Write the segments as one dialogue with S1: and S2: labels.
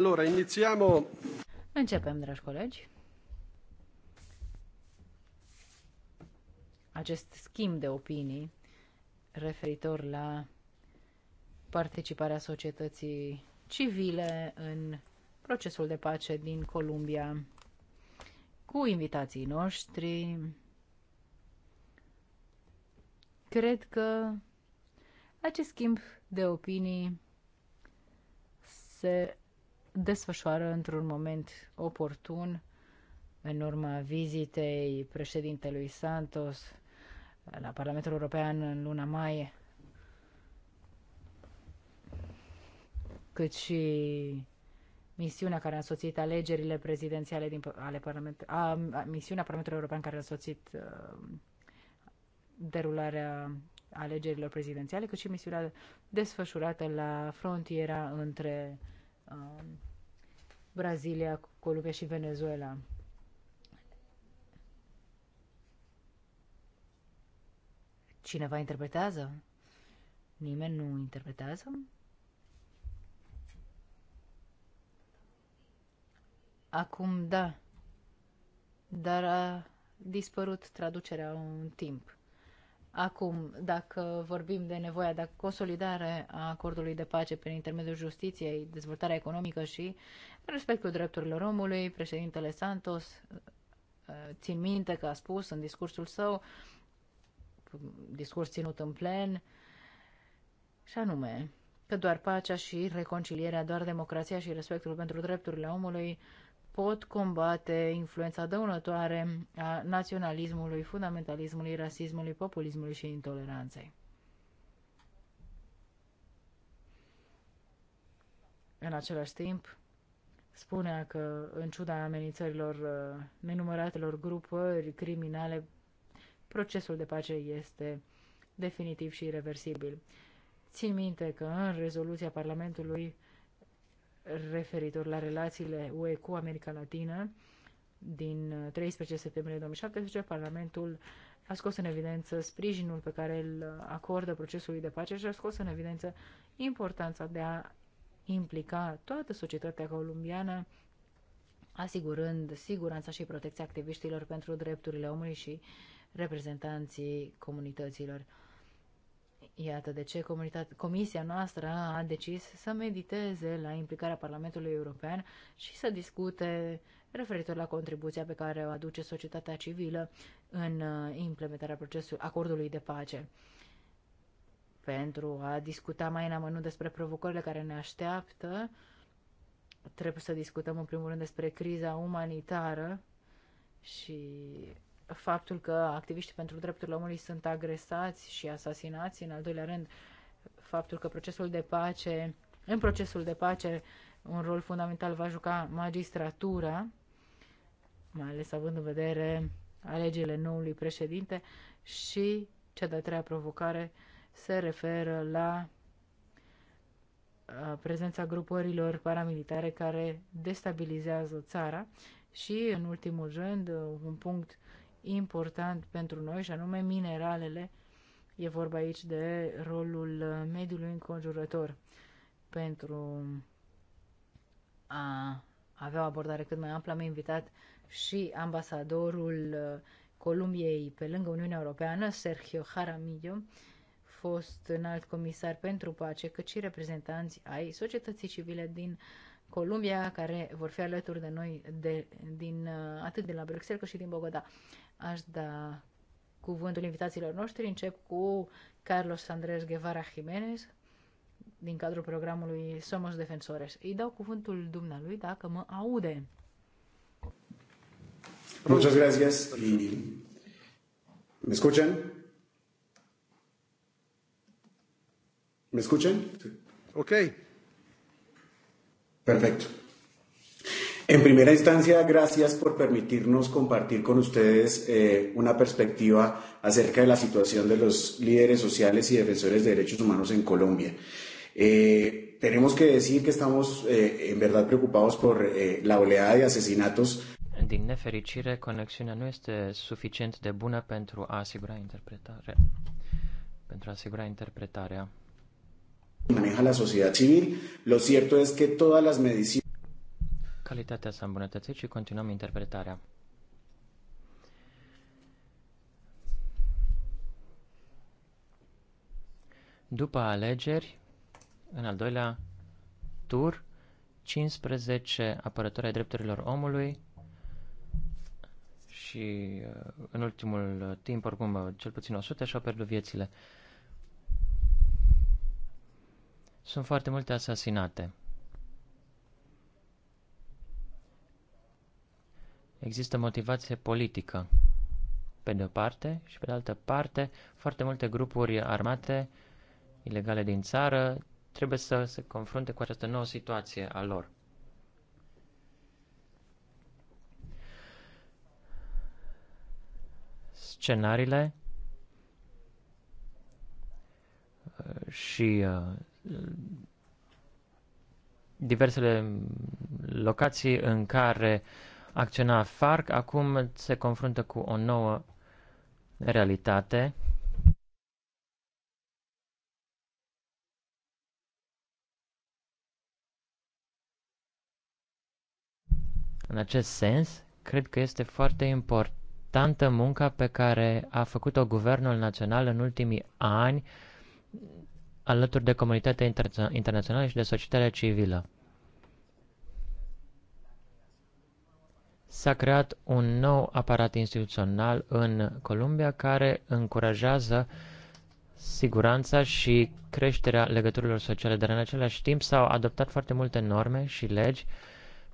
S1: Allora, iniziamo.
S2: Începem, dragi colegi. Acest schimb de opinii referitor la participarea societății civile în procesul de pace din Columbia cu invitații noștri. Cred că acest schimb de opinii se desfășoară într-un moment oportun, în urma vizitei președintelui Santos la Parlamentul European în luna mai, cât și misiunea care a însoțit alegerile prezidențiale din, ale Parlament, a, misiunea Parlamentului European care a însoțit a uh, derularea alegerilor prezidențiale, cât și misiunea desfășurată la frontiera între uh, Brazilia, Columbia și Venezuela. Cineva interpretează? Nimeni nu interpretează? Acum da, dar a dispărut traducerea un timp. Acum, dacă vorbim de nevoia de consolidare a acordului de pace prin intermediul justiției, dezvoltarea economică și respectul drepturilor omului, președintele Santos uh, țin minte că a spus în discursul său, discurs ținut în plen, și anume că doar pacea și reconcilierea, doar democrația și respectul pentru drepturile omului pot combate influența dăunătoare a naționalismului, fundamentalismului, rasismului, populismului și intoleranței. În același timp, spunea că, în ciuda amenințărilor uh, nenumăratelor grupări criminale, procesul de pace este definitiv și irreversibil. Țin minte că în rezoluția Parlamentului referitor la relațiile UE cu America Latină din 13 uh, septembrie 2017, Parlamentul a scos în evidență sprijinul pe care îl uh, acordă procesului de pace și a scos în evidență importanța de a implica toată societatea columbiană, asigurând siguranța și protecția activiștilor pentru drepturile omului și reprezentanții comunităților. Iată de ce comisia noastră a decis să mediteze la implicarea Parlamentului European și să discute referitor la contribuția pe care o aduce societatea civilă în uh, implementarea procesului acordului de pace. Pentru a discuta mai în amănunt despre provocările care ne așteaptă, trebuie să discutăm în primul rând despre criza umanitară și faptul că activiștii pentru drepturile omului sunt agresați și asasinați, în al doilea rând faptul că procesul de pace, în procesul de pace un rol fundamental va juca magistratura, mai ales având în vedere alegerile noului președinte și cea de-a treia provocare se referă la prezența grupărilor paramilitare care destabilizează țara și, în ultimul rând, un punct important pentru noi și anume mineralele. E vorba aici de rolul mediului înconjurător pentru a avea o abordare cât mai amplă. Am invitat și ambasadorul Columbiei pe lângă Uniunea Europeană, Sergio Jaramillo, fost înalt comisar pentru pace, cât și reprezentanți ai societății civile din Columbia, care vor fi alături de noi de, din, uh, atât de la Bruxelles cât și din Bogota. Aș da cuvântul invitațiilor noștri. Încep cu Carlos Andrés Guevara Jiménez, din cadrul programului Somos Defensores. Îi dau cuvântul dumnealui dacă mă aude.
S1: Muchas gracias. ¿Me escuchan? ¿Me escuchan? Ok. Perfecto. En primera instancia, gracias por permitirnos compartir con ustedes eh, una perspectiva acerca de la situación de los líderes sociales y defensores de derechos humanos en Colombia. Eh, tenemos que decir que estamos eh, en verdad preocupados por eh, la oleada de asesinatos.
S3: Din nefericire, conexiunea nu este suficient de bună pentru a asigura interpretarea. Pentru a asigura interpretarea.
S1: Maneja la sociedad civil. Lo cierto es que todas las mediciones
S3: Calitatea s-a îmbunătățit și continuăm interpretarea. După alegeri, în al doilea tur, 15 apărători ai drepturilor omului și uh, în ultimul timp, oricum, uh, cel puțin 100 și-au pierdut viețile. Sunt foarte multe asasinate. Există motivație politică, pe de o parte, și pe de altă parte, foarte multe grupuri armate ilegale din țară trebuie să se confrunte cu această nouă situație a lor. Scenariile uh, și uh, diversele locații în care uh, acționa FARC, acum se confruntă cu o nouă realitate. În acest sens, cred că este foarte importantă munca pe care a făcut-o Guvernul Național în ultimii ani alături de comunitatea interna internațională și de societatea civilă. S-a creat un nou aparat instituțional în Columbia care încurajează siguranța și creșterea legăturilor sociale, dar în același timp s-au adoptat foarte multe norme și legi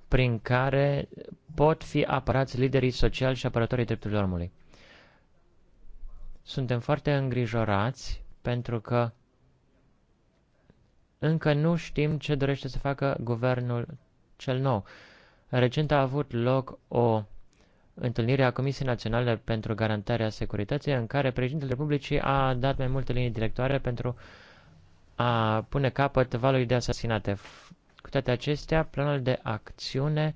S3: prin care pot fi apărați liderii sociali și apărătorii drepturilor omului. Suntem foarte îngrijorați pentru că încă nu știm ce dorește să facă guvernul cel nou. Recent a avut loc o întâlnire a Comisiei Naționale pentru Garantarea Securității, în care președintele Republicii a dat mai multe linii directoare pentru a pune capăt valului de asasinate. Cu toate acestea, planul de acțiune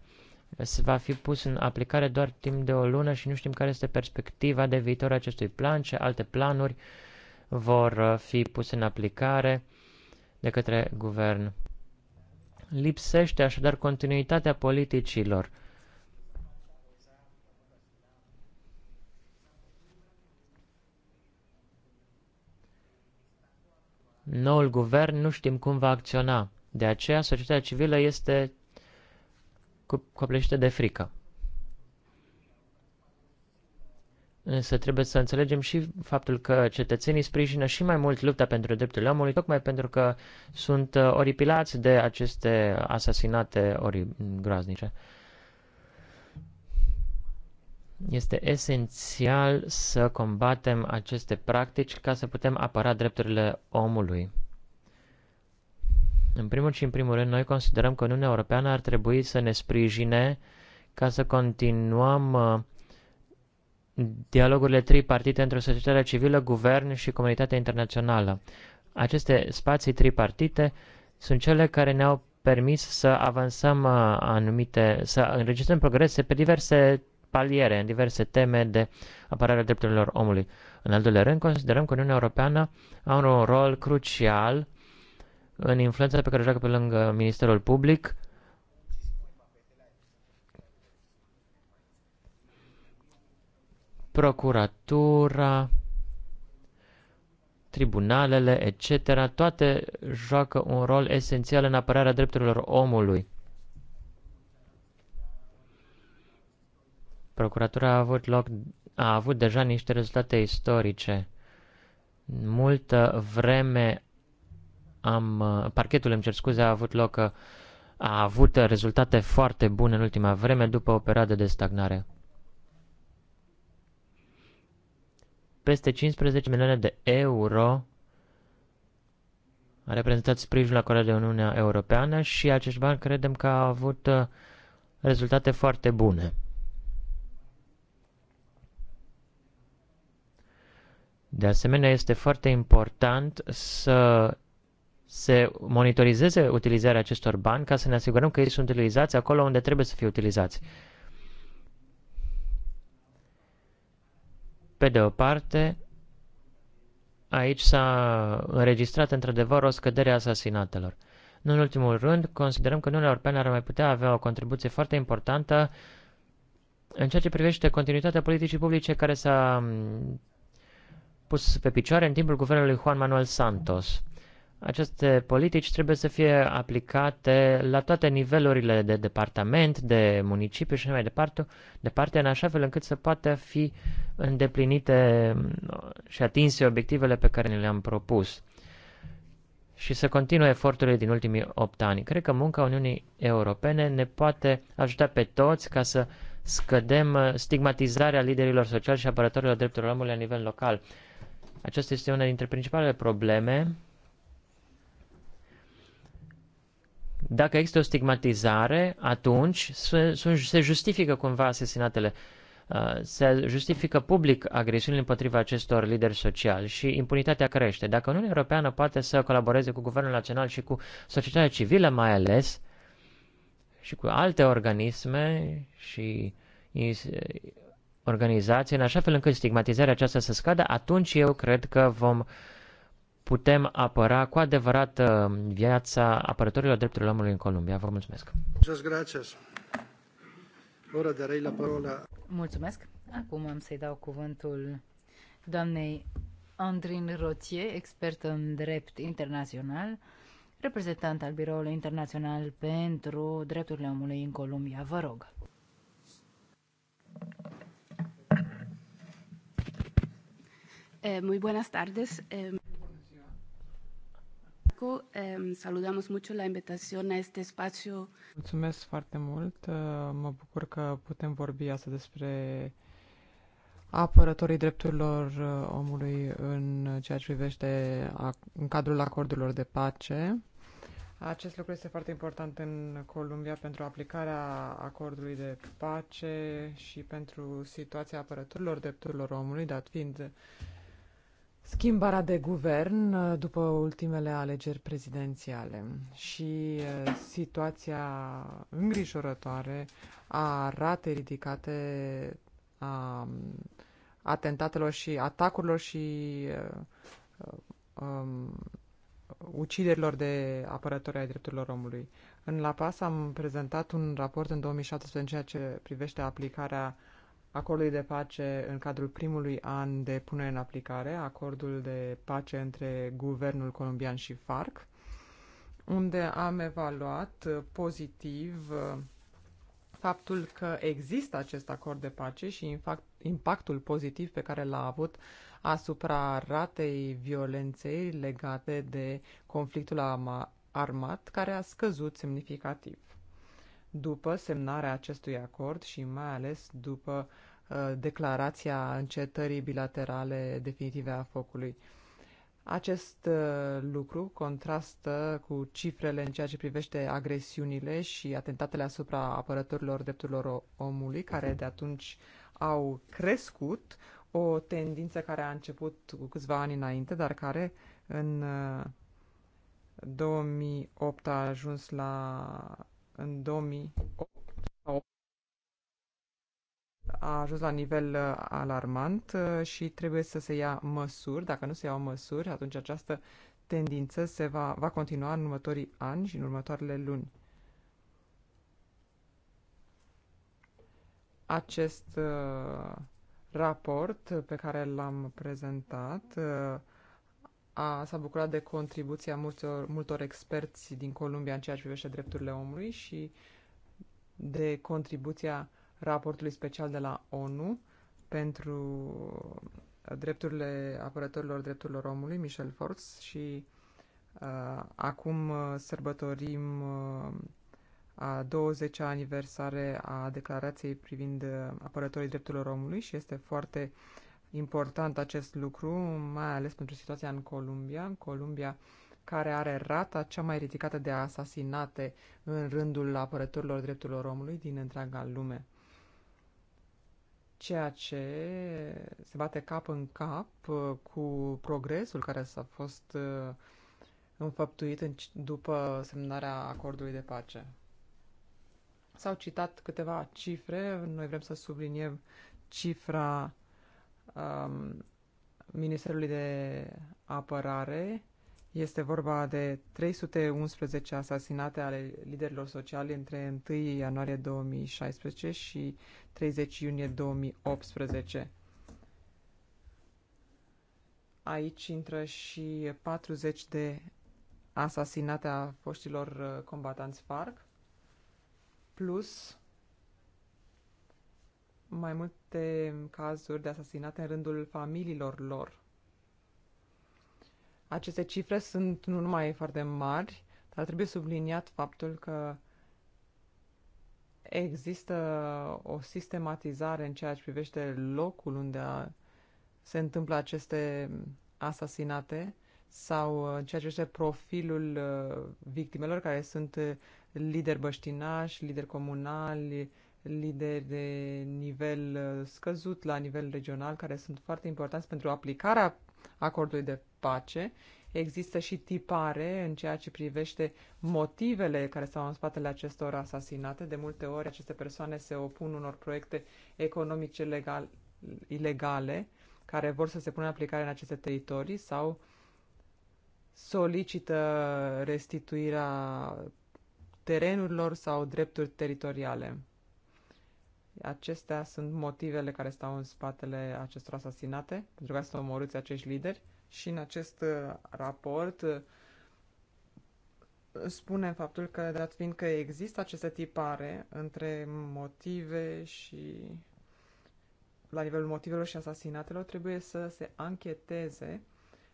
S3: va fi pus în aplicare doar timp de o lună și nu știm care este perspectiva de viitor acestui plan, ce alte planuri vor fi puse în aplicare de către guvern. Lipsește așadar continuitatea politicilor. Noul guvern nu știm cum va acționa. De aceea, societatea civilă este copleșită de frică. Însă trebuie să înțelegem și faptul că cetățenii sprijină și mai mult lupta pentru drepturile omului, tocmai pentru că sunt uh, oripilați de aceste asasinate ori groaznice. Este esențial să combatem aceste practici ca să putem apăra drepturile omului. În primul și în primul rând, noi considerăm că Uniunea Europeană ar trebui să ne sprijine ca să continuăm uh, dialogurile tripartite între societatea civilă, guvern și comunitatea internațională. Aceste spații tripartite sunt cele care ne-au permis să avansăm uh, anumite, să înregistrăm progrese pe diverse paliere, în diverse teme de apărare a drepturilor omului. În al doilea rând, considerăm că Uniunea Europeană are un rol crucial în influența pe care o joacă pe lângă Ministerul Public procuratura, tribunalele, etc., toate joacă un rol esențial în apărarea drepturilor omului. Procuratura a avut, loc, a avut deja niște rezultate istorice. Multă vreme am... Parchetul, îmi cer scuze, a avut loc... A avut rezultate foarte bune în ultima vreme după o perioadă de stagnare. peste 15 milioane de euro a reprezentat sprijinul acordat de Uniunea Europeană și acești bani credem că au avut uh, rezultate foarte bune. De asemenea, este foarte important să se monitorizeze utilizarea acestor bani ca să ne asigurăm că ei sunt utilizați acolo unde trebuie să fie utilizați. Pe de o parte, aici s-a înregistrat într-adevăr o scădere a asasinatelor. Nu în ultimul rând, considerăm că Uniunea Europeană ar mai putea avea o contribuție foarte importantă în ceea ce privește continuitatea politicii publice care s-a mm, pus pe picioare în timpul guvernului Juan Manuel Santos. Aceste politici trebuie să fie aplicate la toate nivelurile de departament, de municipiu și mai departe, departe, în așa fel încât să poată fi îndeplinite mm, și atinse obiectivele pe care ne le-am propus și să continue eforturile din ultimii 8 ani. Cred că munca Uniunii Europene ne poate ajuta pe toți ca să scădem mm, stigmatizarea liderilor sociali și apărătorilor drepturilor omului la nivel local. Aceasta este una dintre principalele probleme Dacă există o stigmatizare, atunci se, justifică cumva asesinatele, uh, se justifică public agresiunile împotriva acestor lideri sociali și impunitatea crește. Dacă Uniunea Europeană poate să colaboreze cu Guvernul Național și cu societatea civilă mai ales și cu alte organisme și organizații, în așa fel încât stigmatizarea aceasta să scadă, atunci eu cred că vom uh, putem apăra cu adevărat uh, viața apărătorilor drepturilor omului în Columbia. Vă mulțumesc!
S2: Mulțumesc! Acum am să-i dau cuvântul doamnei Andrin Rotier, expert în drept internațional, reprezentant al Biroului Internațional pentru Drepturile Omului în
S4: Columbia. Vă rog! Eh, muy buenas tardes. Eh... Popescu. Saludamos mucho la invitación a este espacio.
S5: Mulțumesc foarte mult. Mă bucur că putem vorbi asta despre apărătorii drepturilor eh, omului în ceea ce privește în cadrul acordurilor de pace. Acest lucru este foarte important în Columbia pentru aplicarea acordului de pace și pentru situația apărătorilor drepturilor omului, dat fiind schimbarea de guvern uh, după ultimele alegeri prezidențiale și uh, situația îngrijorătoare a rate ridicate a um, atentatelor și atacurilor și uh, um, uciderilor de apărători ai drepturilor omului. În La Paz am prezentat un raport în 2017 în ceea ce privește aplicarea uh, acordului de pace în cadrul primului an de punere în aplicare, acordul de pace între guvernul colombian și FARC, unde am evaluat uh, pozitiv uh, faptul că există acest acord de pace și impactul pozitiv pe care l-a avut asupra ratei violenței legate de conflictul armat, care a scăzut semnificativ. După semnarea acestui acord și mai ales după uh, declarația încetării bilaterale definitive a focului. Acest uh, lucru contrastă cu cifrele în ceea ce privește agresiunile și atentatele asupra apărătorilor drepturilor omului, care de atunci au crescut, o tendință care a început cu câțiva ani înainte, dar care în 2008 uh, a ajuns la în 2008 a ajuns la nivel uh, alarmant uh, și trebuie să se ia măsuri. Dacă nu se iau măsuri, atunci această tendință se va, va continua în următorii ani și în următoarele luni. Acest uh, raport pe care l-am prezentat uh, a, s-a bucurat de contribuția multor, multor experți din Columbia în ceea ce privește drepturile omului și de contribuția raportului special de la ONU pentru drepturile apărătorilor drepturilor omului, Michel Forts, și uh, acum uh, sărbătorim uh, a 20-a aniversare a declarației privind uh, apărătorii drepturilor omului și este foarte uh, important acest lucru, mai ales pentru situația în Columbia. În Columbia care are rata cea mai ridicată de asasinate în rândul apărătorilor drepturilor omului din întreaga lume. Ceea ce se bate cap în cap uh, cu progresul care s-a fost uh, înfăptuit în, după semnarea acordului de pace. S-au citat câteva cifre, noi vrem să subliniem cifra um, Ministerului de Apărare. Este vorba de 311 asasinate ale liderilor sociali între 1 ianuarie 2016 și 30 iunie 2018. Aici intră și 40 de asasinate a foștilor uh, combatanți FARC, plus mai multe cazuri de asasinate în rândul familiilor lor. Aceste cifre sunt nu numai foarte mari, dar trebuie subliniat faptul că există o sistematizare în ceea ce privește locul unde a, se întâmplă aceste asasinate sau uh, în ceea ce privește profilul uh, victimelor care sunt uh, lideri băștinași, lideri comunali, lideri de nivel uh, scăzut la nivel regional, care sunt foarte importanți pentru aplicarea acordului de pace. Există și tipare în ceea ce privește motivele care stau în spatele acestor asasinate. De multe ori aceste persoane se opun unor proiecte economice legal, ilegale care vor să se pună în aplicare în aceste teritorii sau solicită restituirea terenurilor sau drepturi teritoriale. Acestea sunt motivele care stau în spatele acestor asasinate, pentru că să omorâți acești lideri. Și în acest uh, raport uh, spune faptul că, dat fiind că există aceste tipare între motive și la nivelul motivelor și asasinatelor, trebuie să se ancheteze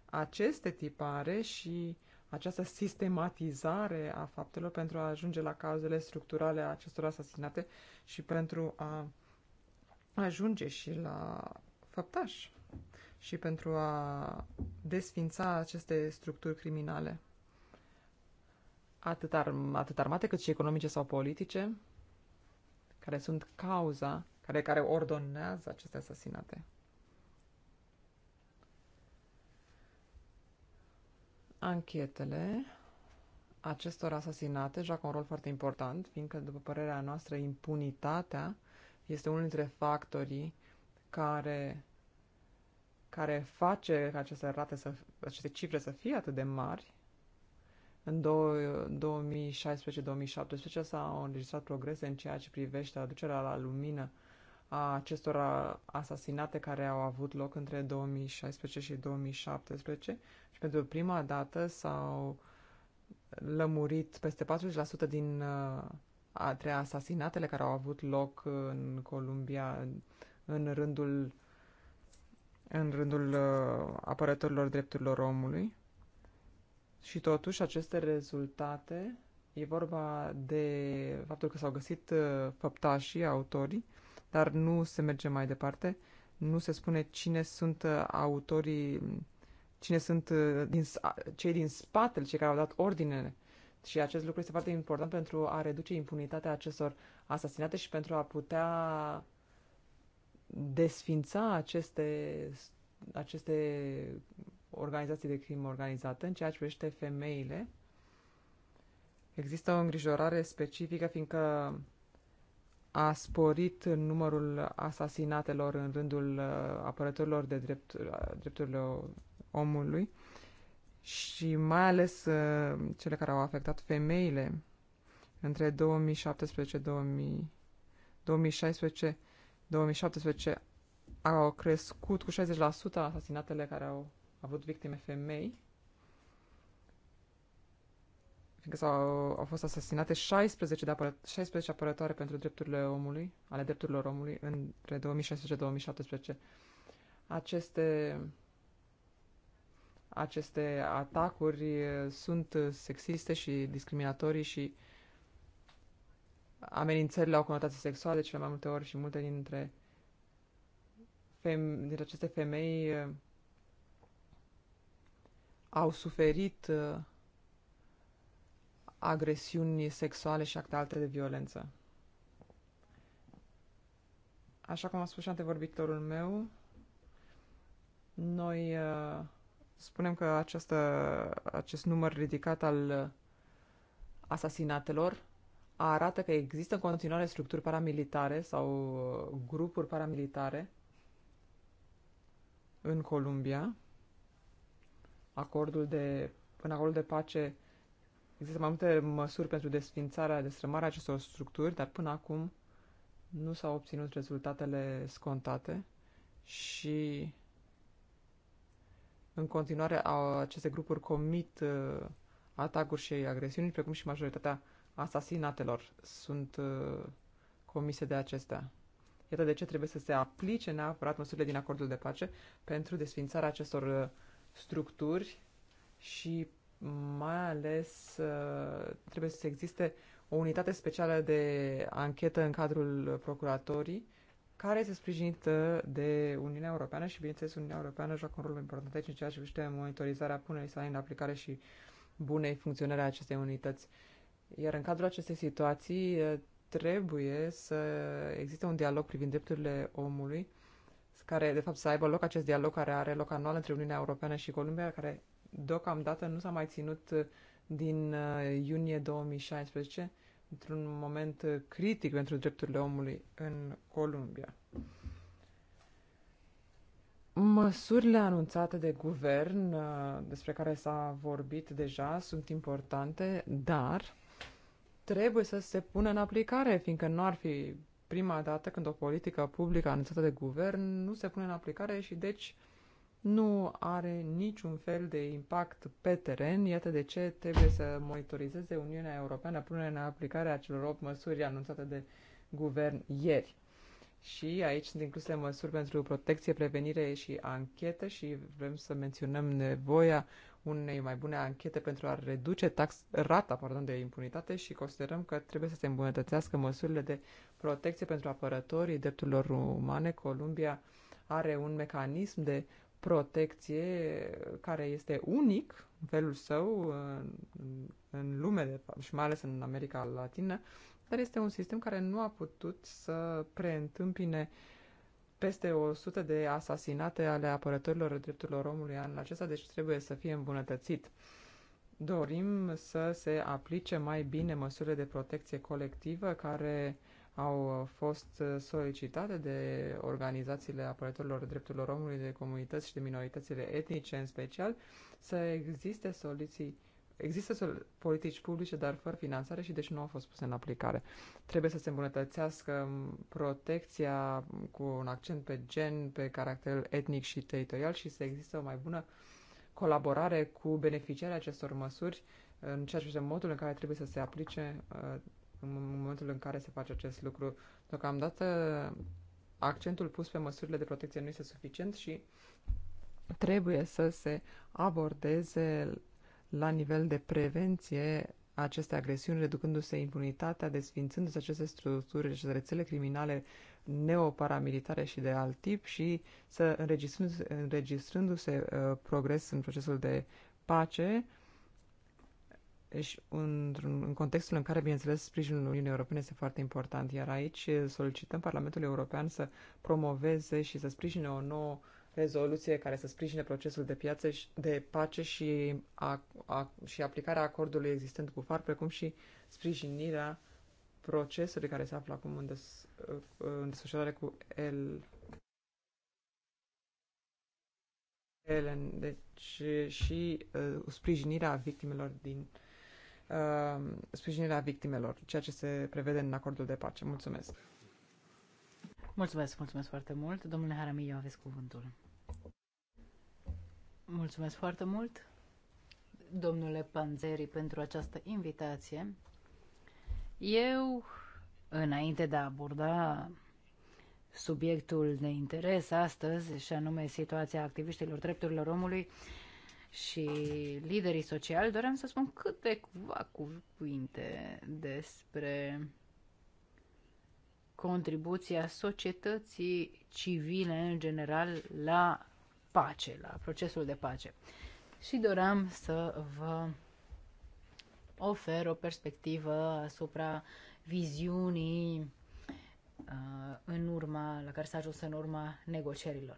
S5: aceste tipare și această sistematizare a faptelor pentru a ajunge la cauzele structurale a acestor asasinate și pentru a ajunge și la făptași și pentru a desfința aceste structuri criminale, atât, ar, atât armate cât și economice sau politice, care sunt cauza, care, care ordonează aceste asasinate. Anchetele acestor asasinate joacă un rol foarte important, fiindcă, după părerea noastră, impunitatea este unul dintre factorii care, care face ca aceste rate, să, aceste cifre să fie atât de mari. În 2016-2017 s-au înregistrat progrese în ceea ce privește aducerea la lumină a acestor asasinate care au avut loc între 2016 și 2017 și pentru prima dată s-au lămurit peste 40% din între uh, asasinatele care au avut loc în Columbia în rândul în rândul uh, apărătorilor drepturilor omului. Și totuși aceste rezultate e vorba de faptul că s-au găsit uh, făptașii, autorii, dar nu se merge mai departe. Nu se spune cine sunt uh, autorii, cine sunt uh, din, cei din spatele, cei care au dat ordinele. Și acest lucru este foarte important pentru a reduce impunitatea acestor asasinate și pentru a putea desfința aceste, aceste organizații de crimă organizată în ceea ce privește femeile. Există o îngrijorare specifică, fiindcă a sporit numărul asasinatelor în rândul uh, apărătorilor de drept, uh, drepturile omului și mai ales uh, cele care au afectat femeile între 2017 2016 2017 au crescut cu 60% asasinatele care au avut victime femei fiindcă s-au, au fost asasinate 16, de apără, 16 apărătoare pentru drepturile omului, ale drepturilor omului, între 2016-2017. Aceste, aceste atacuri sunt sexiste și discriminatorii și amenințările au conotații sexuale cele mai multe ori și multe dintre, fem, dintre aceste femei uh, au suferit uh, agresiuni sexuale și acte alte de violență. Așa cum a spus și antevorbitorul meu, noi uh, spunem că această, acest număr ridicat al uh, asasinatelor arată că există în continuare structuri paramilitare sau uh, grupuri paramilitare în Columbia. Acordul de, în acordul de pace Există mai multe măsuri pentru desfințarea, destrămarea acestor structuri, dar până acum nu s-au obținut rezultatele scontate și în continuare aceste grupuri comit uh, atacuri și agresiuni, precum și majoritatea asasinatelor sunt uh, comise de acestea. Iată de ce trebuie să se aplice neapărat măsurile din acordul de pace pentru desfințarea acestor uh, structuri și mai ales uh, trebuie să existe o unitate specială de anchetă în cadrul procuratorii, care este sprijinită de Uniunea Europeană și, bineînțeles, Uniunea Europeană joacă un rol important aici în ceea ce privește monitorizarea punerii sale în aplicare și bunei funcționări a acestei unități. Iar în cadrul acestei situații uh, trebuie să existe un dialog privind drepturile omului, care, de fapt, să aibă loc acest dialog care are loc anual între Uniunea Europeană și Columbia, care deocamdată nu s-a mai ținut uh, din uh, iunie 2016, într-un moment uh, critic pentru drepturile omului în Columbia. Măsurile anunțate de guvern, despre care s-a vorbit deja, sunt importante, dar trebuie să se pună în aplicare, fiindcă nu ar fi prima dată când o politică publică anunțată de guvern nu se pune în aplicare și deci nu are niciun fel de impact pe teren. Iată de ce trebuie să monitorizeze Uniunea Europeană punerea în aplicare a celor 8 măsuri anunțate de guvern ieri. Și aici sunt incluse măsuri pentru protecție, prevenire și anchetă și vrem să menționăm nevoia unei mai bune anchete pentru a reduce tax, rata pardon, de impunitate și considerăm că trebuie să se îmbunătățească măsurile de protecție pentru apărătorii drepturilor umane. Columbia are un mecanism de protecție care este unic în felul său în, în lume de fapt, și mai ales în America Latină, dar este un sistem care nu a putut să preîntâmpine peste 100 de asasinate ale apărătorilor drepturilor omului anul acesta, deci trebuie să fie îmbunătățit. Dorim să se aplice mai bine măsurile de protecție colectivă care au uh, fost uh, solicitate de organizațiile apărătorilor drepturilor omului, de comunități și de minoritățile etnice în special, să existe soluții Există politici publice, dar fără finanțare și deci nu au fost puse în aplicare. Trebuie să se îmbunătățească um, protecția cu un accent pe gen, pe caracter etnic și teritorial și să există o mai bună colaborare cu beneficiarii acestor măsuri în ceea ce modul în care trebuie să se aplice uh, în momentul în care se face acest lucru. Deocamdată accentul pus pe măsurile de protecție nu este suficient și trebuie să se abordeze la nivel de prevenție aceste agresiuni, reducându-se impunitatea, desfințându-se aceste structuri și rețele criminale neoparamilitare și de alt tip și să înregistrându-se, înregistrându-se uh, progres în procesul de pace, uh, și deci, în contextul în care, bineînțeles, sprijinul Uniunii Europene este foarte important, iar aici solicităm Parlamentul European să promoveze și să sprijine o nouă rezoluție care să sprijine procesul de piață și de pace și, a, a, și aplicarea acordului existent cu FAR, precum și sprijinirea procesului care se află acum în, des, în desfășurare cu el. Ellen, deci și uh, sprijinirea victimelor din uh, Uh, sprijinirea victimelor, ceea ce se prevede în acordul de pace. Mulțumesc!
S2: Mulțumesc, mulțumesc foarte mult. Domnule Haramiu, aveți cuvântul. Mulțumesc foarte mult, domnule Panzeri, pentru această invitație. Eu, înainte de a aborda subiectul de interes astăzi, și anume situația activiștilor drepturilor omului, și liderii sociali, doream să spun câteva cuvinte despre contribuția societății civile în general la pace, la procesul de pace. Și doream să vă ofer o perspectivă asupra viziunii uh, în urma, la care s-a ajuns în urma negocierilor.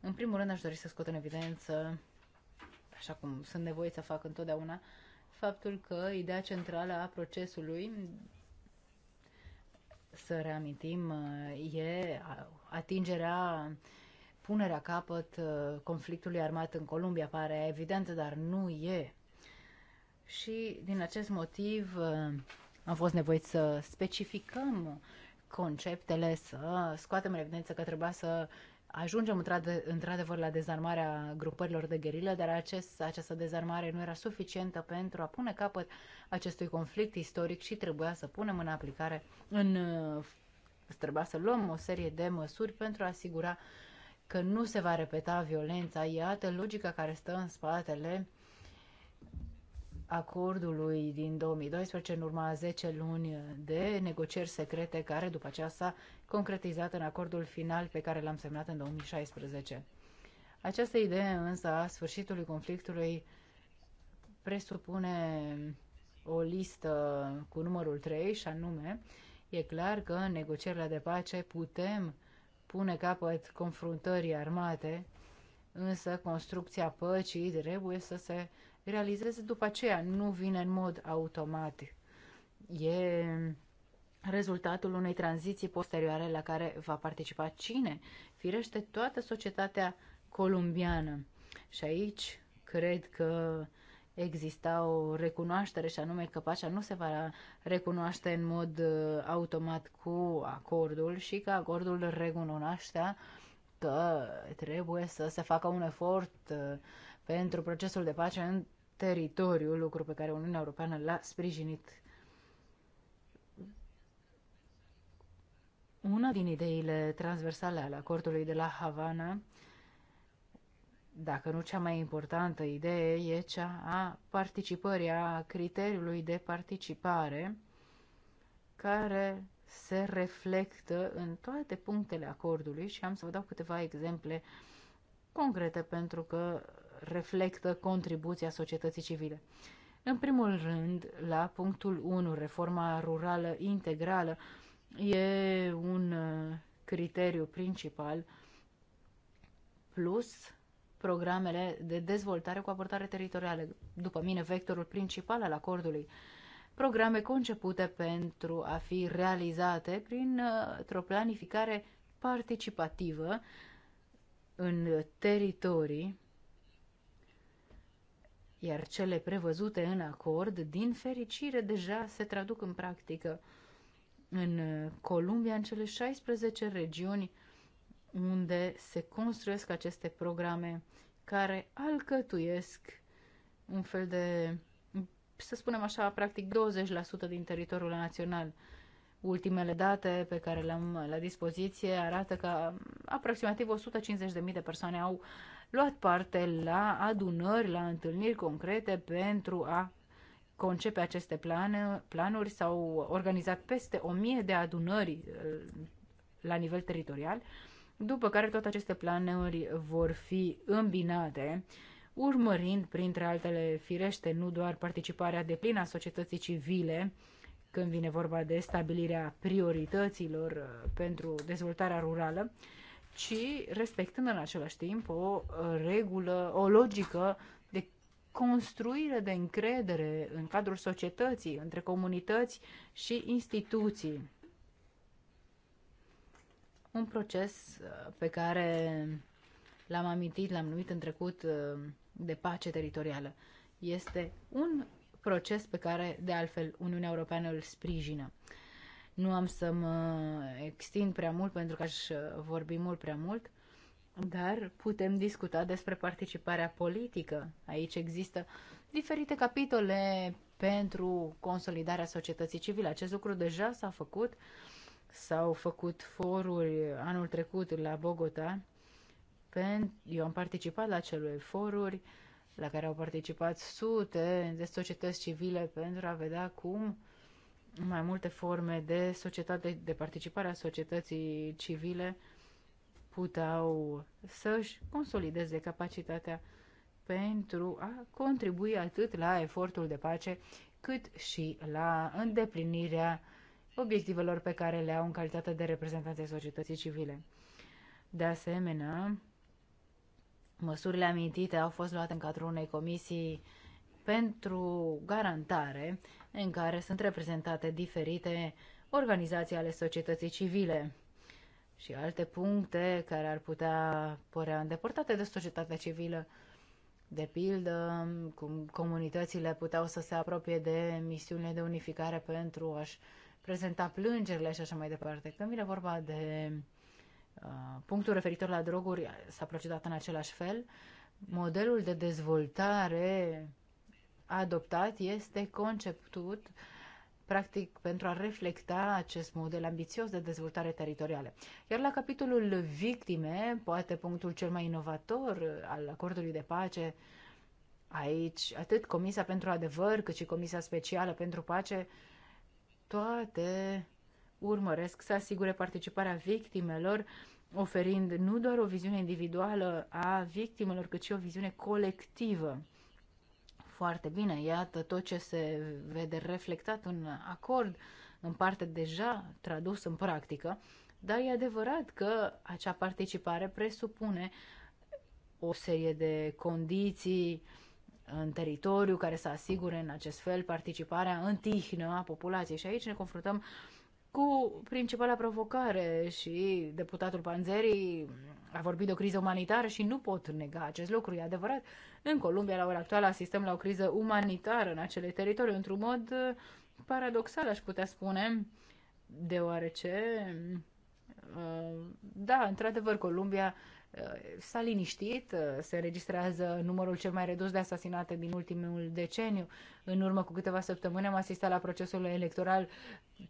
S2: În primul rând aș dori să scot în evidență așa cum sunt nevoie să fac întotdeauna, faptul că ideea centrală a procesului, să reamintim, e atingerea, punerea capăt uh, conflictului armat în Columbia, pare evident, dar nu e. Și din acest motiv uh, am fost nevoit să specificăm conceptele, să scoatem în evidență că trebuia să ajungem într-adevăr la dezarmarea grupărilor de gherilă, dar acest, această dezarmare nu era suficientă pentru a pune capăt acestui conflict istoric și trebuia să punem în aplicare, în, uh, trebuia să luăm o serie de măsuri pentru a asigura că nu se va repeta violența. Iată logica care stă în spatele acordului din 2012 în urma 10 luni de negocieri secrete care după aceea s-a concretizat în acordul final pe care l-am semnat în 2016. Această idee însă a sfârșitului conflictului presupune o listă cu numărul 3 și anume e clar că în negocierile de pace putem pune capăt confruntării armate, însă construcția păcii trebuie să se realizeze după aceea, nu vine în mod automat. E rezultatul unei tranziții posterioare la care va participa cine? Firește toată societatea columbiană. Și aici cred că exista o recunoaștere și anume că pacea nu se va recunoaște în mod uh, automat cu acordul și că acordul recunoaștea că trebuie să se facă un efort uh, pentru procesul de pace în teritoriu, lucru pe care Uniunea Europeană l-a sprijinit. Una din ideile transversale ale acordului de la Havana, dacă nu cea mai importantă idee, e cea a participării, a criteriului de participare, care se reflectă în toate punctele acordului și am să vă dau câteva exemple concrete pentru că reflectă contribuția societății civile. În primul rând, la punctul 1, reforma rurală integrală e un uh, criteriu principal, plus programele de dezvoltare cu abordare teritorială, după mine vectorul principal al acordului. Programe concepute pentru a fi realizate prin uh, o planificare participativă în teritorii iar cele prevăzute în acord, din fericire, deja se traduc în practică. În Columbia, în cele 16 regiuni unde se construiesc aceste programe care alcătuiesc un fel de, să spunem așa, practic 20% din teritoriul național. Ultimele date pe care le-am la dispoziție arată că aproximativ 150.000 de persoane au uh, luat parte la adunări, la întâlniri concrete pentru a concepe aceste plane, planuri, s-au organizat peste o mie de adunări uh, la nivel teritorial, după care toate aceste planuri vor fi îmbinate, urmărind, printre altele firește, nu doar participarea deplină a societății civile, când vine vorba de stabilirea priorităților uh, pentru dezvoltarea rurală, ci respectând în același timp o uh, regulă, o logică de construire de încredere în cadrul societății, între comunități și instituții. Un proces uh, pe care l-am amintit, l-am numit în trecut uh, de pace teritorială. Este un proces pe care, de altfel, Uniunea Europeană îl sprijină. Nu am să mă extind prea mult pentru că aș vorbi mult prea mult, dar putem discuta despre participarea politică. Aici există diferite capitole pentru consolidarea societății civile. Acest lucru deja s-a făcut. S-au făcut foruri anul trecut la Bogota. Eu am participat la acele foruri la care au participat sute de societăți civile pentru a vedea cum mai multe forme de societate, de participare a societății civile puteau să-și consolideze capacitatea pentru a contribui atât la efortul de pace, cât și la îndeplinirea obiectivelor pe care le au în calitate de reprezentanți ai societății civile. De asemenea, măsurile amintite au fost luate în cadrul unei comisii pentru garantare în care sunt reprezentate diferite organizații ale societății civile și alte puncte care ar putea părea îndepărtate de societatea civilă. De pildă, cum comunitățile puteau să se apropie de misiunile de unificare pentru a-și prezenta plângerile și așa mai departe. Când vine vorba de uh, punctul referitor la droguri, s-a procedat în același fel. Modelul de dezvoltare adoptat este conceptut practic pentru a reflecta acest model ambițios de dezvoltare teritorială. Iar la capitolul victime, poate punctul cel mai inovator al acordului de pace, aici atât Comisia pentru Adevăr cât și Comisia Specială pentru Pace, toate urmăresc să asigure participarea victimelor, oferind nu doar o viziune individuală a victimelor, cât și o viziune colectivă foarte bine. Iată tot ce se vede reflectat în acord, în parte deja tradus în practică, dar e adevărat că acea participare presupune o serie de condiții în teritoriu care să asigure în acest fel participarea în tihnă a populației. Și aici ne confruntăm uh, cu principala provocare și deputatul Panzeri a vorbit de o criză umanitară și nu pot nega acest lucru, e adevărat. În Columbia, la ora actuală, asistăm la o criză umanitară în acele teritorii, într-un mod uh, paradoxal, aș putea spune, deoarece, uh, da, într-adevăr, Columbia Uh, s-a liniștit, uh, se registrează numărul cel mai redus de asasinate din ultimul deceniu. În urmă cu câteva săptămâni am asistat la procesul electoral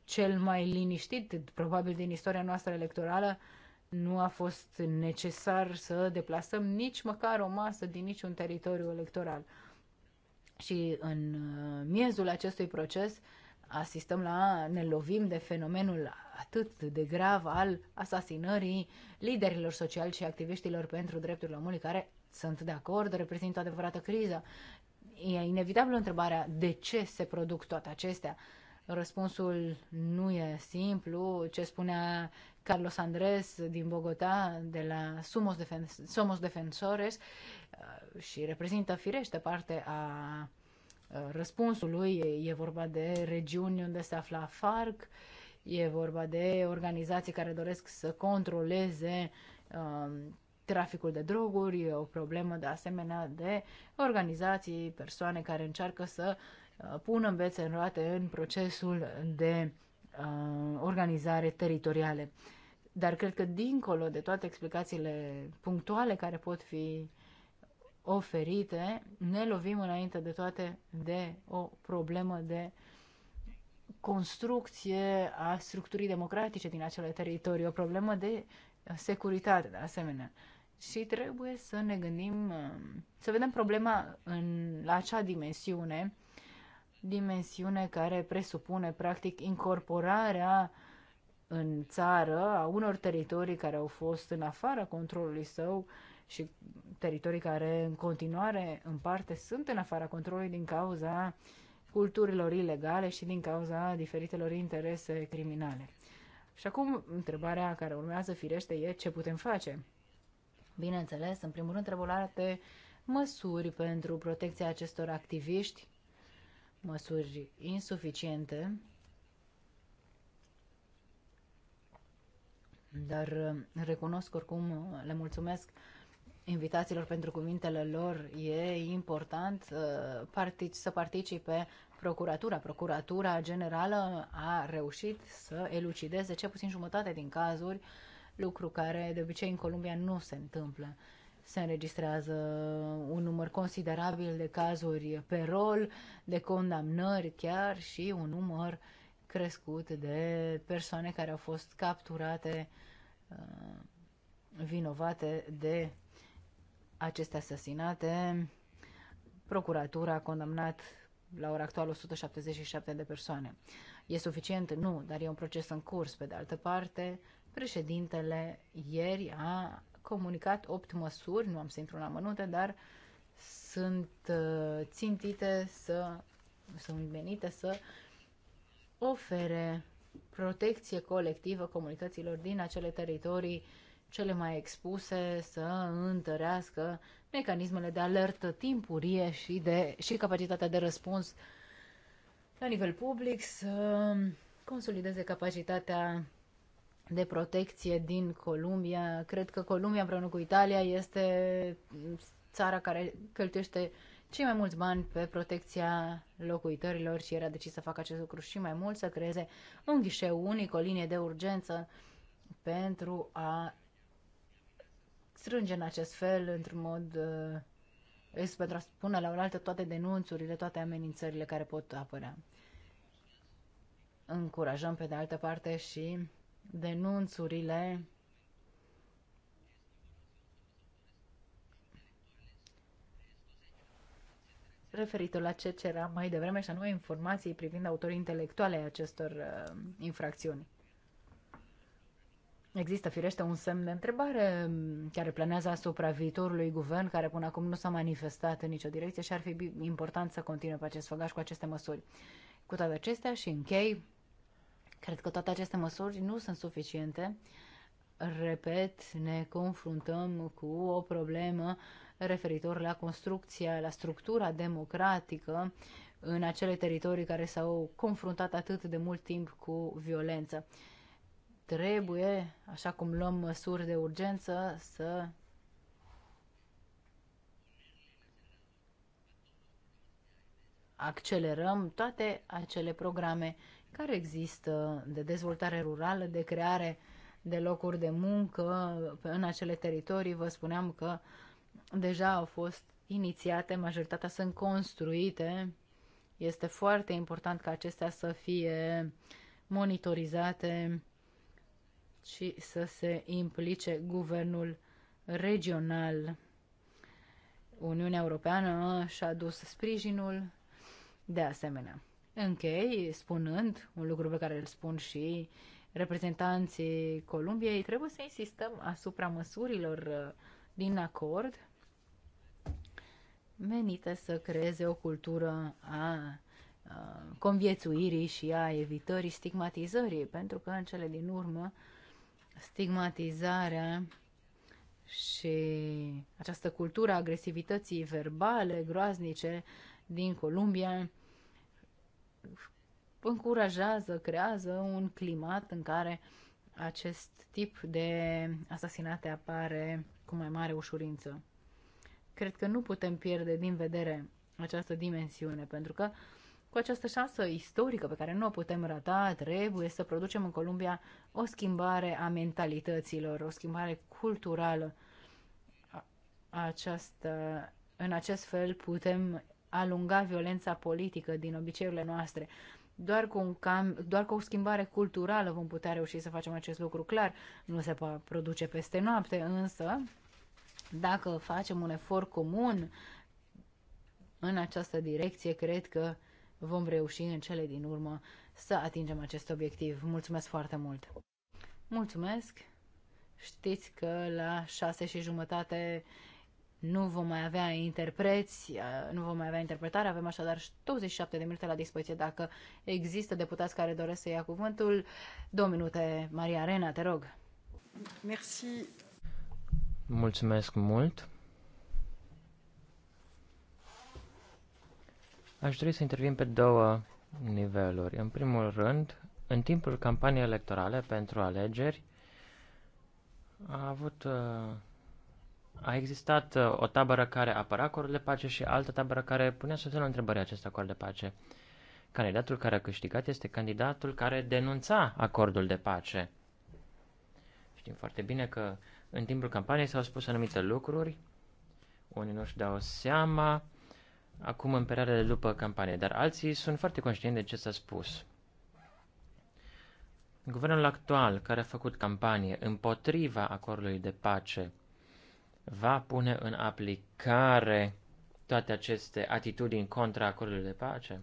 S2: cel mai liniștit, probabil din istoria noastră electorală. Nu a fost necesar să deplasăm nici măcar o masă din niciun teritoriu electoral. Și în uh, miezul acestui proces, uh, asistăm la, ne lovim de fenomenul atât de grav al asasinării liderilor sociali și activiștilor pentru drepturile omului, care sunt de acord, reprezintă adevărată criză. E inevitabil întrebarea de ce se produc toate acestea. Răspunsul nu e simplu. Ce spunea Carlos Andrés din Bogota, de la Somos, Somos Defensores, uh, și reprezintă firește parte a Uh, răspunsului. E vorba de regiuni unde se afla FARC, e vorba de organizații care doresc să controleze um, traficul de droguri, e o problemă de asemenea de organizații, persoane care încearcă să uh, pună în bețe în roate în procesul de uh, organizare teritoriale. Dar cred că dincolo de toate explicațiile punctuale care pot fi uh, oferite, ne lovim înainte de toate de o problemă de construcție a structurii democratice din acele teritorii, o problemă de securitate, de asemenea. Și trebuie să ne gândim, um, să vedem problema în, la acea dimensiune, dimensiune care presupune, practic, incorporarea în țară a unor teritorii care au fost în afara controlului său, uh, și teritorii care în continuare, în parte, sunt în afara controlului din cauza culturilor ilegale și din cauza diferitelor interese criminale. Și acum, întrebarea care urmează, firește, e ce putem face? Bineînțeles, în primul rând trebuie luate măsuri pentru protecția acestor activiști, măsuri insuficiente, dar recunosc oricum, le mulțumesc invitațiilor pentru cuvintele lor. E important uh, să participe Procuratura. Procuratura Generală a reușit să elucideze cel puțin jumătate din cazuri, lucru care de obicei în Columbia nu se întâmplă. Se înregistrează un număr considerabil de cazuri pe rol, de condamnări chiar și un număr crescut de persoane care au fost capturate uh, vinovate de aceste asasinate, procuratura a condamnat la ora actuală 177 de persoane. E suficient? Nu, dar e un proces în curs. Pe de altă parte, președintele ieri a comunicat 8 măsuri, nu am să intru în amănunte, dar sunt uh, țintite să, sunt menite să ofere protecție colectivă comunităților din acele teritorii cele mai expuse să întărească mecanismele de alertă timpurie și, de, și capacitatea de răspuns la nivel public, să consolideze capacitatea de protecție din Columbia. Cred că Columbia împreună cu Italia este țara care cheltuiește cei mai mulți bani pe protecția locuitorilor și era decis să facă acest lucru și mai mult, să creeze un ghișeu unic, o linie de urgență pentru a strânge în acest fel, într-un mod uh, pentru a spune la oaltă toate denunțurile, toate amenințările care pot apărea. Încurajăm, pe de altă parte, și denunțurile referitor la ce ceram mai devreme, și anume informații privind autorii intelectuale acestor uh, infracțiuni. Există, firește, un semn de întrebare mm, care planează asupra viitorului guvern, care până acum nu s-a manifestat în nicio direcție și ar fi important să continue pe acest făgaș cu aceste măsuri. Cu toate acestea și închei, cred că toate aceste măsuri nu sunt suficiente. Repet, ne confruntăm cu o problemă referitor la construcția, la structura democratică în acele teritorii care s-au confruntat atât de mult timp cu violență trebuie, așa cum luăm măsuri de urgență, să accelerăm toate acele programe care există de dezvoltare rurală, de creare de locuri de muncă în acele teritorii. Vă spuneam că deja au fost inițiate, majoritatea sunt construite. Este foarte important ca acestea să fie monitorizate și să se implice guvernul regional. Uniunea Europeană și-a dus sprijinul de asemenea. Închei spunând un lucru pe care îl spun și reprezentanții Columbiei, trebuie să insistăm asupra măsurilor uh, din acord menite să creeze o cultură a uh, conviețuirii și a evitării stigmatizării, pentru că în cele din urmă stigmatizarea și această cultură a agresivității verbale groaznice din Columbia încurajează, creează un climat în care acest tip de asasinate apare cu mai mare ușurință. Cred că nu putem pierde din vedere această dimensiune, pentru că uh, cu această șansă istorică pe care nu o putem rata, trebuie să producem în Columbia o schimbare a mentalităților, o schimbare culturală. Această, în acest fel putem alunga violența politică din obiceiurile noastre. Doar cu, un cam, doar cu o schimbare culturală vom putea reuși să facem acest lucru clar. Nu se va produce peste noapte, însă dacă facem un efort comun în această direcție, cred că vom reuși în cele din urmă să atingem acest obiectiv. Mulțumesc foarte mult! Mulțumesc! Știți că la șase și jumătate nu vom mai avea interpreți, uh, nu vom mai avea interpretare, avem așadar 27 de minute la dispoziție. Dacă există deputați care doresc să ia cuvântul, două minute, Maria Arena, te rog. Merci.
S3: Mulțumesc mult. Aș dori să intervin pe două niveluri. În primul rând, în timpul campaniei electorale pentru alegeri, a avut uh, a existat uh, o tabără care apăra acordul de pace și altă tabără care punea să întrebări întrebări acest acord de pace. Candidatul care a câștigat este candidatul care denunța acordul de pace. Știm foarte bine că în timpul campaniei s-au spus anumite lucruri, unii nu-și dau seama acum în perioada de după campanie, dar alții sunt foarte conștienți de ce s-a spus. Guvernul actual, care a făcut campanie împotriva acordului de pace, va pune în aplicare toate aceste atitudini contra acordului de pace?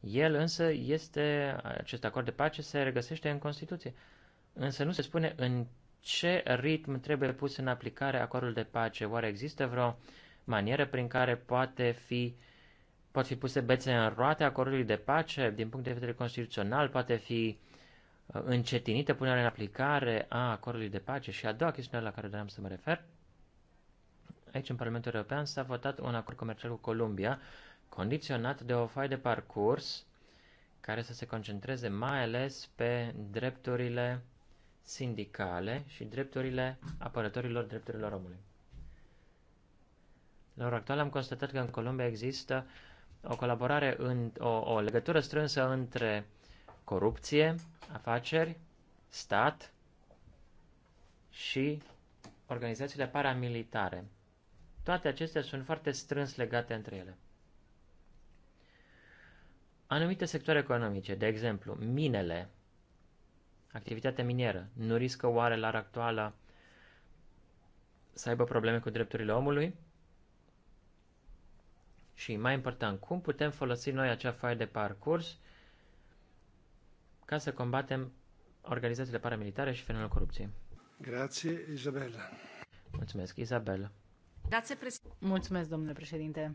S3: El însă este, acest acord de pace se regăsește în Constituție, însă nu se spune în ce ritm trebuie pus în aplicare acordul de pace. Oare există vreo manieră prin care poate fi, pot fi puse bețe în roate acordului de pace din punct de vedere constituțional, poate fi uh, încetinită punerea în aplicare a acordului de pace. Și a doua chestiune la care doream să mă refer, aici în Parlamentul European s-a votat un acord comercial cu Columbia, condiționat de o foaie de parcurs care să se concentreze mai ales pe drepturile sindicale și drepturile apărătorilor drepturilor omului. La ora actuală am constatat că în Columbia există o colaborare, în, o, o legătură strânsă între corupție, afaceri, stat și organizațiile paramilitare. Toate acestea sunt foarte strâns legate între ele. Anumite sectoare economice, de exemplu, minele, activitatea minieră, nu riscă oare la actuală să aibă probleme cu drepturile omului? Și mai important, cum putem folosi noi acea foaie de parcurs ca să combatem organizațiile paramilitare și fenomenul corupției. Grazie, Isabella. Mulțumesc, Isabella.
S2: Mulțumesc, domnule președinte.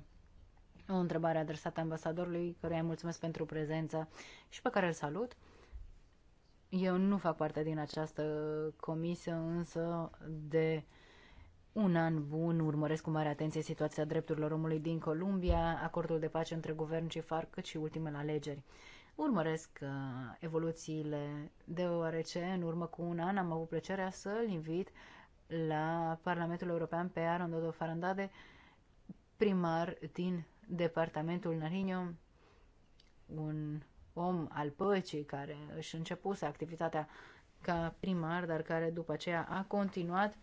S2: O întrebare adresată ambasadorului, căruia îi mulțumesc pentru prezență și pe care îl salut. Eu nu fac parte din această comisie, însă de uh, un an bun, urmăresc cu mare atenție situația drepturilor omului din Columbia, acordul de pace între guvern și FARC, cât și ultimele alegeri. Urmăresc uh, evoluțiile, deoarece în urmă cu un an am avut plăcerea să-l invit la Parlamentul European pe Dodo Farandade, primar din departamentul Nariño, un om al păcii care își începuse activitatea ca primar, dar care după aceea a continuat uh,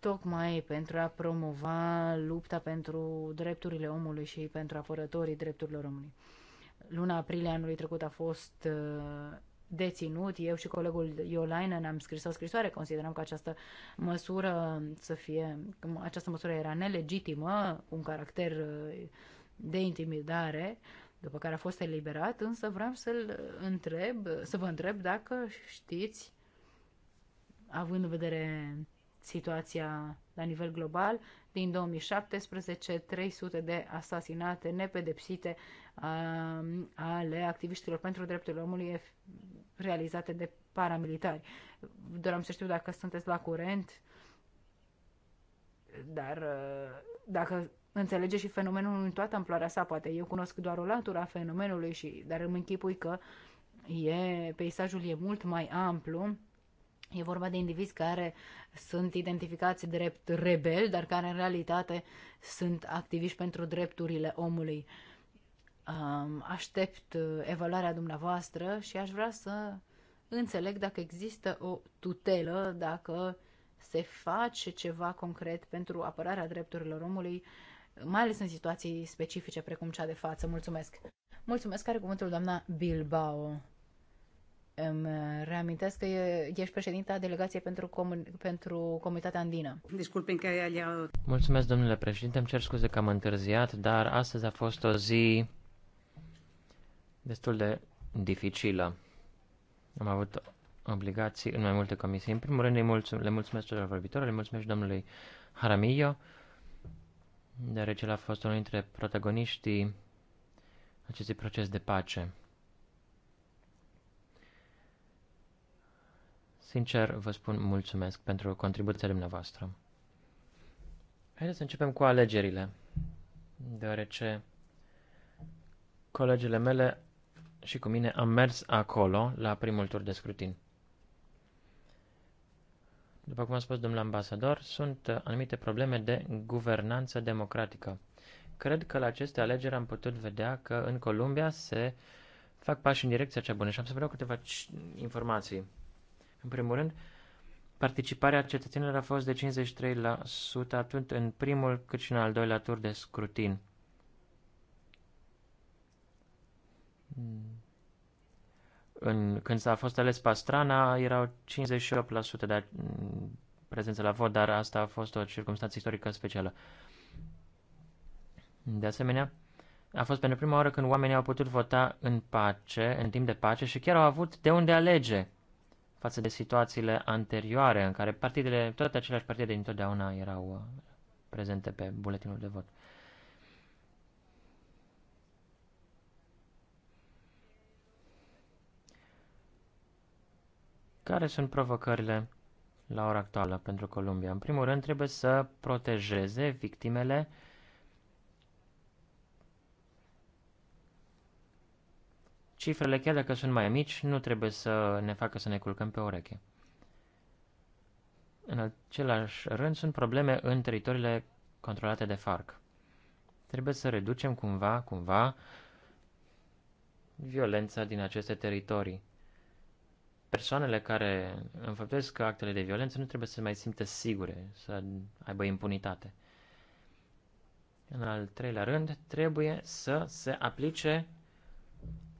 S2: tocmai pentru a promova lupta pentru drepturile omului și pentru apărătorii drepturilor omului. Luna aprilie anului trecut a fost uh, deținut, eu și colegul ne am scris o scrisoare, considerăm că această măsură să fie, că această măsură era nelegitimă, cu un caracter uh, de intimidare, după care a fost eliberat, însă vreau să-l uh, întreb, să vă întreb dacă știți, având în vedere situația la nivel global. Din 2017, 300 de asasinate nepedepsite uh, ale activiștilor pentru drepturile omului realizate de paramilitari. Doream să știu dacă sunteți la curent, dar uh, dacă înțelege și fenomenul în toată amploarea sa, poate eu cunosc doar o latură a fenomenului, și, dar îmi închipui că e, peisajul e mult mai amplu E vorba de indivizi care sunt identificați drept rebeli, dar care în realitate sunt activiști pentru drepturile omului. Aștept uh, evaluarea dumneavoastră și aș vrea să înțeleg dacă există o tutelă, dacă se face ceva concret pentru apărarea drepturilor omului, mai ales în situații specifice precum cea de față. Mulțumesc! Mulțumesc, are cuvântul doamna Bilbao. Îmi reamintesc că ești președinta delegației pentru, comun- pentru Comunitatea Andină.
S4: Disculpe că aliat.
S3: Mulțumesc, domnule președinte. Îmi cer scuze că am întârziat, dar astăzi a fost o zi destul de dificilă. Am avut obligații în mai multe comisii. În primul rând, le mulțumesc, le mulțumesc le mulțumesc domnului Haramillo, deoarece el a fost unul dintre protagoniștii acestui proces de pace. Sincer, vă spun mulțumesc pentru contribuția dumneavoastră. Haideți să începem cu alegerile, deoarece colegele mele și cu mine am mers acolo la primul tur de scrutin. După cum a spus domnul ambasador, sunt anumite probleme de guvernanță democratică. Cred că la aceste alegeri am putut vedea că în Columbia se fac pași în direcția cea bună și am să vreau câteva informații. În primul rând, participarea cetățenilor a fost de 53% atât în primul cât și în al doilea tur de scrutin. În, când s-a fost ales Pastrana, erau 58% de prezență la vot, dar asta a fost o circunstanță istorică specială. De asemenea, a fost pentru prima oară când oamenii au putut vota în pace, în timp de pace și chiar au avut de unde alege față de situațiile anterioare în care partidele, toate aceleași partide totdeauna erau uh, prezente pe buletinul de vot. Care sunt provocările la ora actuală pentru Columbia? În primul rând, trebuie să protejeze victimele uh, Cifrele, chiar dacă sunt mai mici, nu trebuie să ne facă să ne culcăm pe oreche. În același rând, sunt probleme în teritoriile controlate de FARC. Trebuie să reducem cumva, cumva, violența din aceste teritorii. Persoanele care înfăptuiesc actele de violență nu trebuie să se mai simtă sigure, să aibă impunitate. În al treilea rând, trebuie să se aplice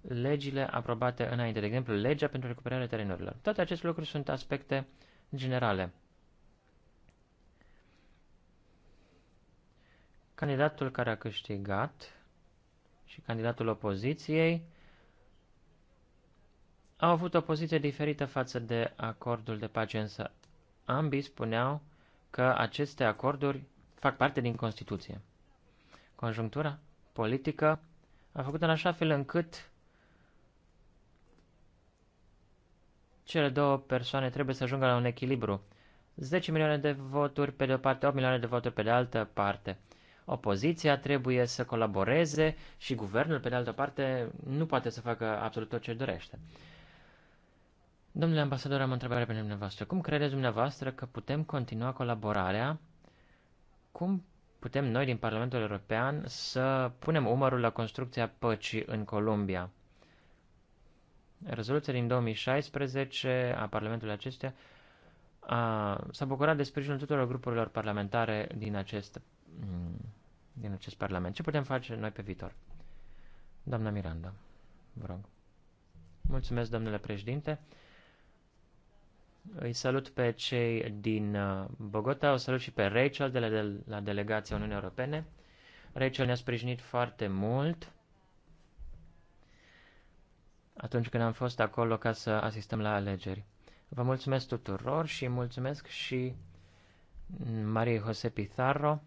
S3: legile aprobate înainte, de exemplu, legea pentru recuperarea terenurilor. Toate aceste lucruri sunt aspecte generale. Candidatul care a câștigat și candidatul opoziției au avut o poziție diferită față de acordul de pace, însă ambii spuneau că aceste acorduri fac parte din Constituție. Conjunctura politică a făcut în așa fel încât Cele două persoane trebuie să ajungă la un echilibru. 10 milioane de voturi pe de o parte, 8 milioane de voturi pe de altă parte. Opoziția trebuie să colaboreze și guvernul, pe de altă parte, nu poate să facă absolut tot ce dorește. Domnule ambasador, am o întrebare pe dumneavoastră. Cum credeți dumneavoastră că putem continua colaborarea? Cum putem noi din Parlamentul European să punem umărul la construcția păcii în Columbia? Rezoluția din 2016 a Parlamentului acestea s-a bucurat de sprijinul tuturor grupurilor parlamentare din acest, mm, din acest Parlament. Ce putem face noi pe viitor? Doamna Miranda, vă rog. Mulțumesc, domnule președinte. Îi salut pe cei din uh, Bogota, o salut și pe Rachel de la, de la delegația Uniunii Europene. Rachel ne-a sprijinit foarte mult atunci când am fost acolo ca să asistăm la alegeri. Vă mulțumesc tuturor și mulțumesc și Marie Jose Pizarro.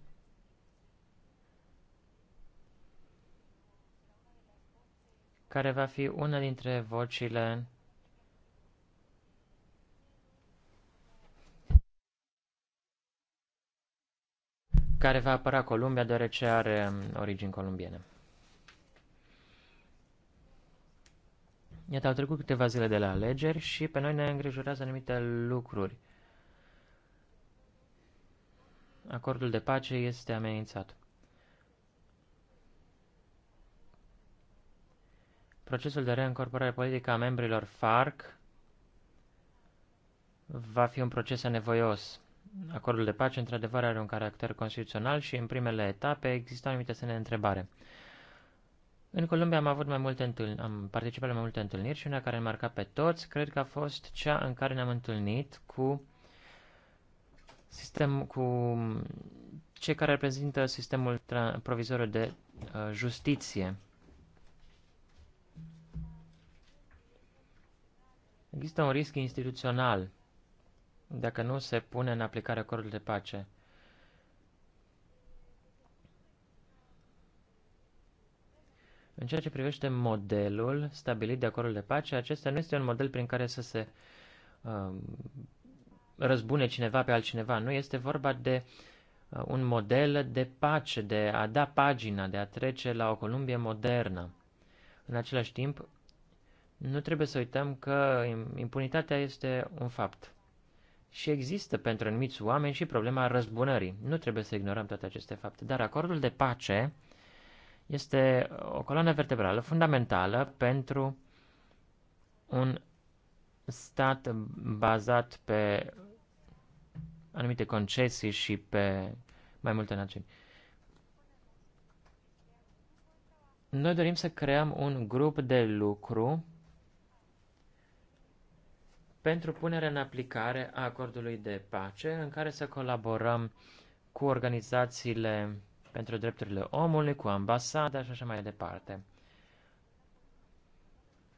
S3: care va fi una dintre vocile care va apăra Columbia deoarece are origini columbiene. Iată, au trecut câteva zile de la alegeri și pe noi ne îngrijorează anumite lucruri. Acordul de pace este amenințat. Procesul de reîncorporare politică a membrilor FARC va fi un proces anevoios. Acordul de pace, într-adevăr, are un caracter constituțional și în primele etape există anumite semne de întrebare. În Columbia am avut mai multe întâlniri, am participat la mai multe întâlniri și una care a marca pe toți, cred că a fost cea în care ne-am întâlnit cu sistem cu cei care reprezintă sistemul provizoriu de uh, justiție. Există un risc instituțional dacă nu se pune în aplicare acordul de pace. În ceea ce privește modelul stabilit de acordul de pace, acesta nu este un model prin care să se uh, răzbune cineva pe altcineva. Nu este vorba de uh, un model de pace, de a da pagina, de a trece la o Columbie modernă. În același timp, nu trebuie să uităm că impunitatea este un fapt. Și există pentru anumiți oameni și problema răzbunării. Nu trebuie să ignorăm toate aceste fapte. Dar acordul de pace este o coloană vertebrală fundamentală pentru un stat bazat pe anumite concesii și pe mai multe națiuni. Noi dorim să creăm un grup de lucru pentru punerea în aplicare a acordului de pace, în care să colaborăm cu organizațiile pentru drepturile omului, cu ambasada și așa mai departe.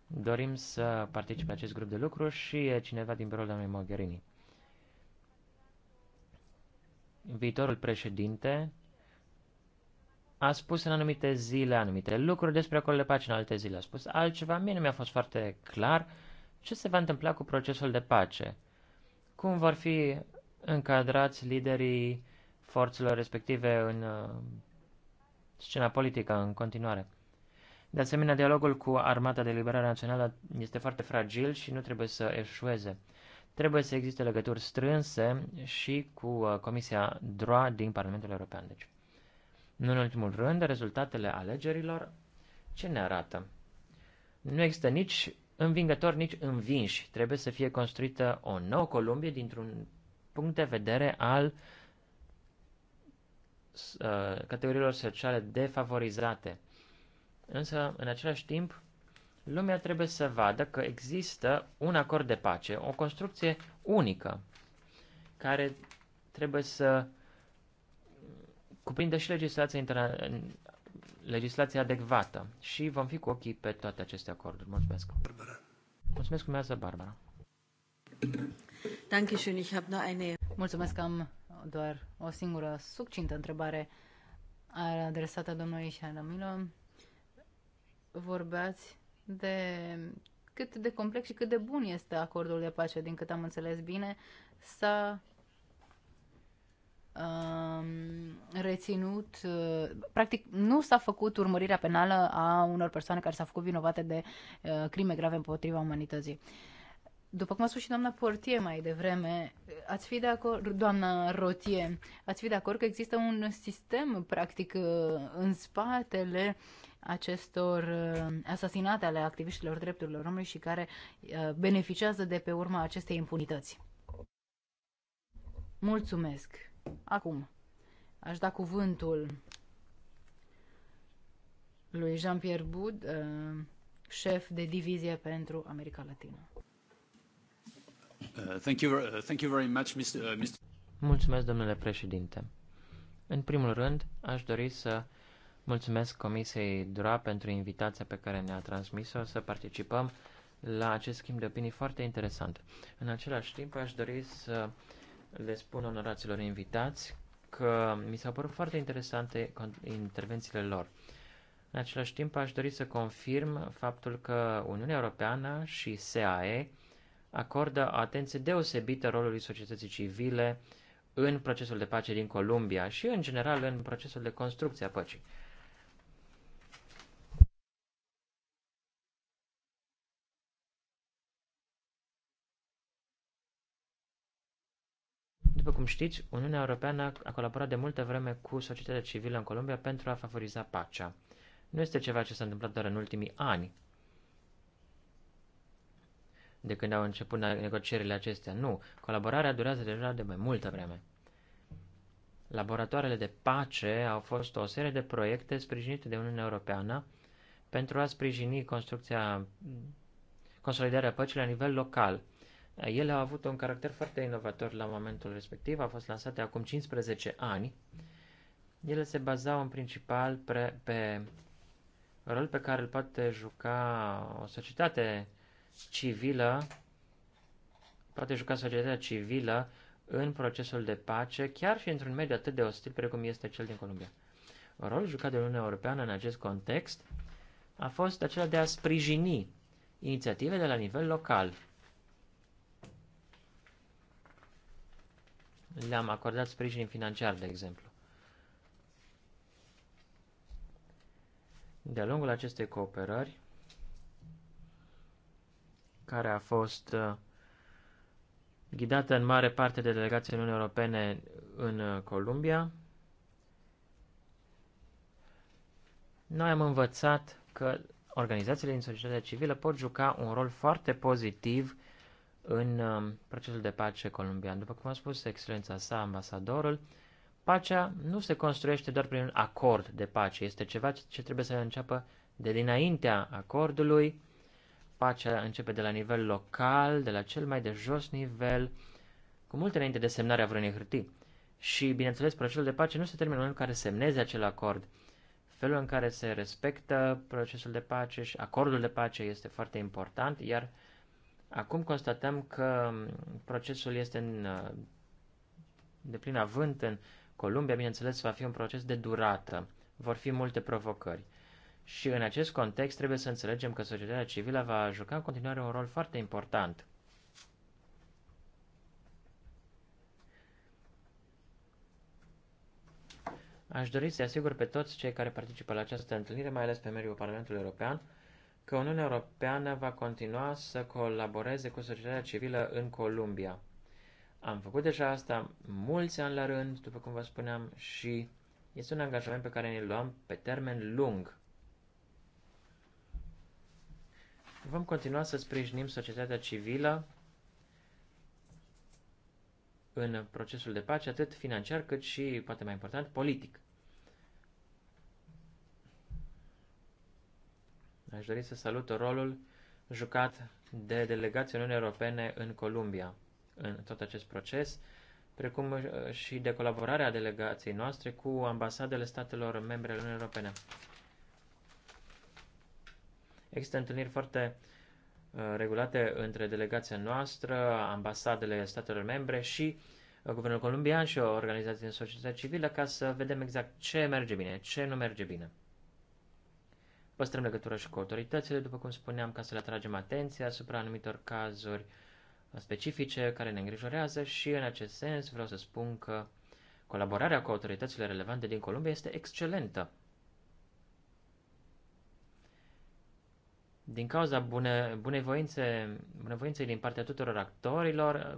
S3: Dorim să participe la acest grup de lucru și e cineva din biroul doamnei Mogherini. Viitorul președinte a spus în anumite zile anumite lucruri despre acolo de pace, în alte zile a spus altceva. Mie nu mi-a fost foarte clar ce se va întâmpla cu procesul de pace. Cum vor fi încadrați liderii forțelor respective în uh, scena politică în continuare. De asemenea, dialogul cu Armata de Liberare Națională este foarte fragil și nu trebuie să eșueze. Trebuie să existe legături strânse și cu uh, Comisia DROA din Parlamentul European. Deci. Nu în ultimul rând, rezultatele alegerilor ce ne arată? Nu există nici învingători, nici învinși. Trebuie să fie construită o nouă Columbie dintr-un punct de vedere al uh, Uh, categoriilor sociale defavorizate. Însă, în același timp, lumea trebuie să vadă că există un acord de pace, o construcție unică, care trebuie să cuprindă și legislația, interna- legislația adecvată. Și vom fi cu ochii pe toate aceste acorduri. Mulțumesc! Barbara. Mulțumesc, cum Barbara.
S2: schön, ich habe nur eine... Mulțumesc, am doar o singură succintă întrebare adresată domnului Șanamilo. Vorbeați de cât de complex și cât de bun este acordul de pace, din cât am înțeles bine, s-a um, reținut, uh, practic nu s-a făcut urmărirea penală a unor persoane care s-au făcut vinovate de uh, crime grave împotriva umanității. Uh, după cum a spus și doamna Portie mai devreme, ați fi de acord, doamna Rotie, ați fi de acord că există un sistem practic în spatele acestor uh, asasinate ale activiștilor drepturilor omului și care uh, beneficiază de pe urma acestei impunități. Mulțumesc. Acum, aș da cuvântul lui Jean-Pierre Bud, uh, șef de divizie pentru America Latină.
S4: Uh, thank you, uh, thank you very much, Mr. Uh,
S3: mulțumesc, domnule președinte. În primul rând, aș dori să mulțumesc Comisiei DRA pentru invitația pe care ne-a transmis-o să participăm la acest schimb de opinii foarte interesant. În același timp, aș dori să le spun onoraților invitați că mi s-au părut foarte interesante intervențiile lor. În același timp, aș dori să confirm faptul că Uniunea Europeană și SAE acordă atenție deosebită rolului societății civile în procesul de pace din Columbia și, în general, în procesul de construcție a păcii. După cum știți, Uniunea Europeană a colaborat de multă vreme cu societatea civilă în Columbia pentru a favoriza pacea. Nu este ceva ce s-a întâmplat doar în ultimii ani de când au început negocierile acestea. Nu, colaborarea durează deja de mai multă vreme. Laboratoarele de pace au fost o serie de proiecte sprijinite de Uniunea Europeană pentru a sprijini construcția, consolidarea păcii la nivel local. Ele au avut un caracter foarte inovator la momentul respectiv, au fost lansate acum 15 ani. Ele se bazau în principal pe, pe rol pe care îl poate juca o societate civilă, poate juca societatea civilă în procesul de pace, chiar și într-un mediu atât de ostil precum este cel din Columbia. Rolul jucat de Uniunea Europeană în acest context a fost acela de a sprijini inițiative de la nivel local. Le-am acordat sprijin financiar, de exemplu. De-a lungul acestei cooperări, care a fost uh, ghidată în mare parte de delegația Uniunii Europene în uh, Columbia. Noi am învățat că organizațiile din societatea civilă pot juca un rol foarte pozitiv în um, procesul de pace columbian. După cum a spus excelența sa, ambasadorul, pacea nu se construiește doar prin un acord de pace, este ceva ce trebuie să înceapă de dinaintea acordului, Pacea începe de la nivel local, de la cel mai de jos nivel, cu multe înainte de semnarea vreunei hârtii. Și, bineînțeles, procesul de pace nu se termină în momentul în care semneze acel acord. Felul în care se respectă procesul de pace și acordul de pace este foarte important, iar acum constatăm că procesul este în de plin avânt în Columbia, bineînțeles, va fi un proces de durată. Vor fi multe provocări. Și în acest context trebuie să înțelegem că societatea civilă va juca în continuare un rol foarte important. Aș dori să asigur pe toți cei care participă la această întâlnire, mai ales pe mediul Parlamentului European, că Uniunea Europeană va continua să colaboreze cu societatea civilă în Columbia. Am făcut deja asta mulți ani la rând, după cum vă spuneam, și este un angajament pe care ne-l luăm pe termen lung. Vom continua să sprijinim societatea civilă în procesul de pace, atât financiar cât și, poate mai important, politic. Aș dori să salut rolul jucat de delegația Uniunii Europene în Columbia, în tot acest proces, precum uh, și de colaborarea delegației noastre cu ambasadele statelor membre ale Uniunii Europene. Există întâlniri foarte uh, regulate între delegația noastră, ambasadele statelor membre și uh, Guvernul Columbian și o organizație din societatea civilă ca să vedem exact ce merge bine, ce nu merge bine. Păstrăm legătura și cu autoritățile, după cum spuneam, ca să le atragem atenția asupra anumitor cazuri uh, specifice care ne îngrijorează și în acest sens vreau să spun că colaborarea cu autoritățile relevante din Columbia este excelentă. din cauza bune, bunevoințe, bunevoinței din partea tuturor actorilor,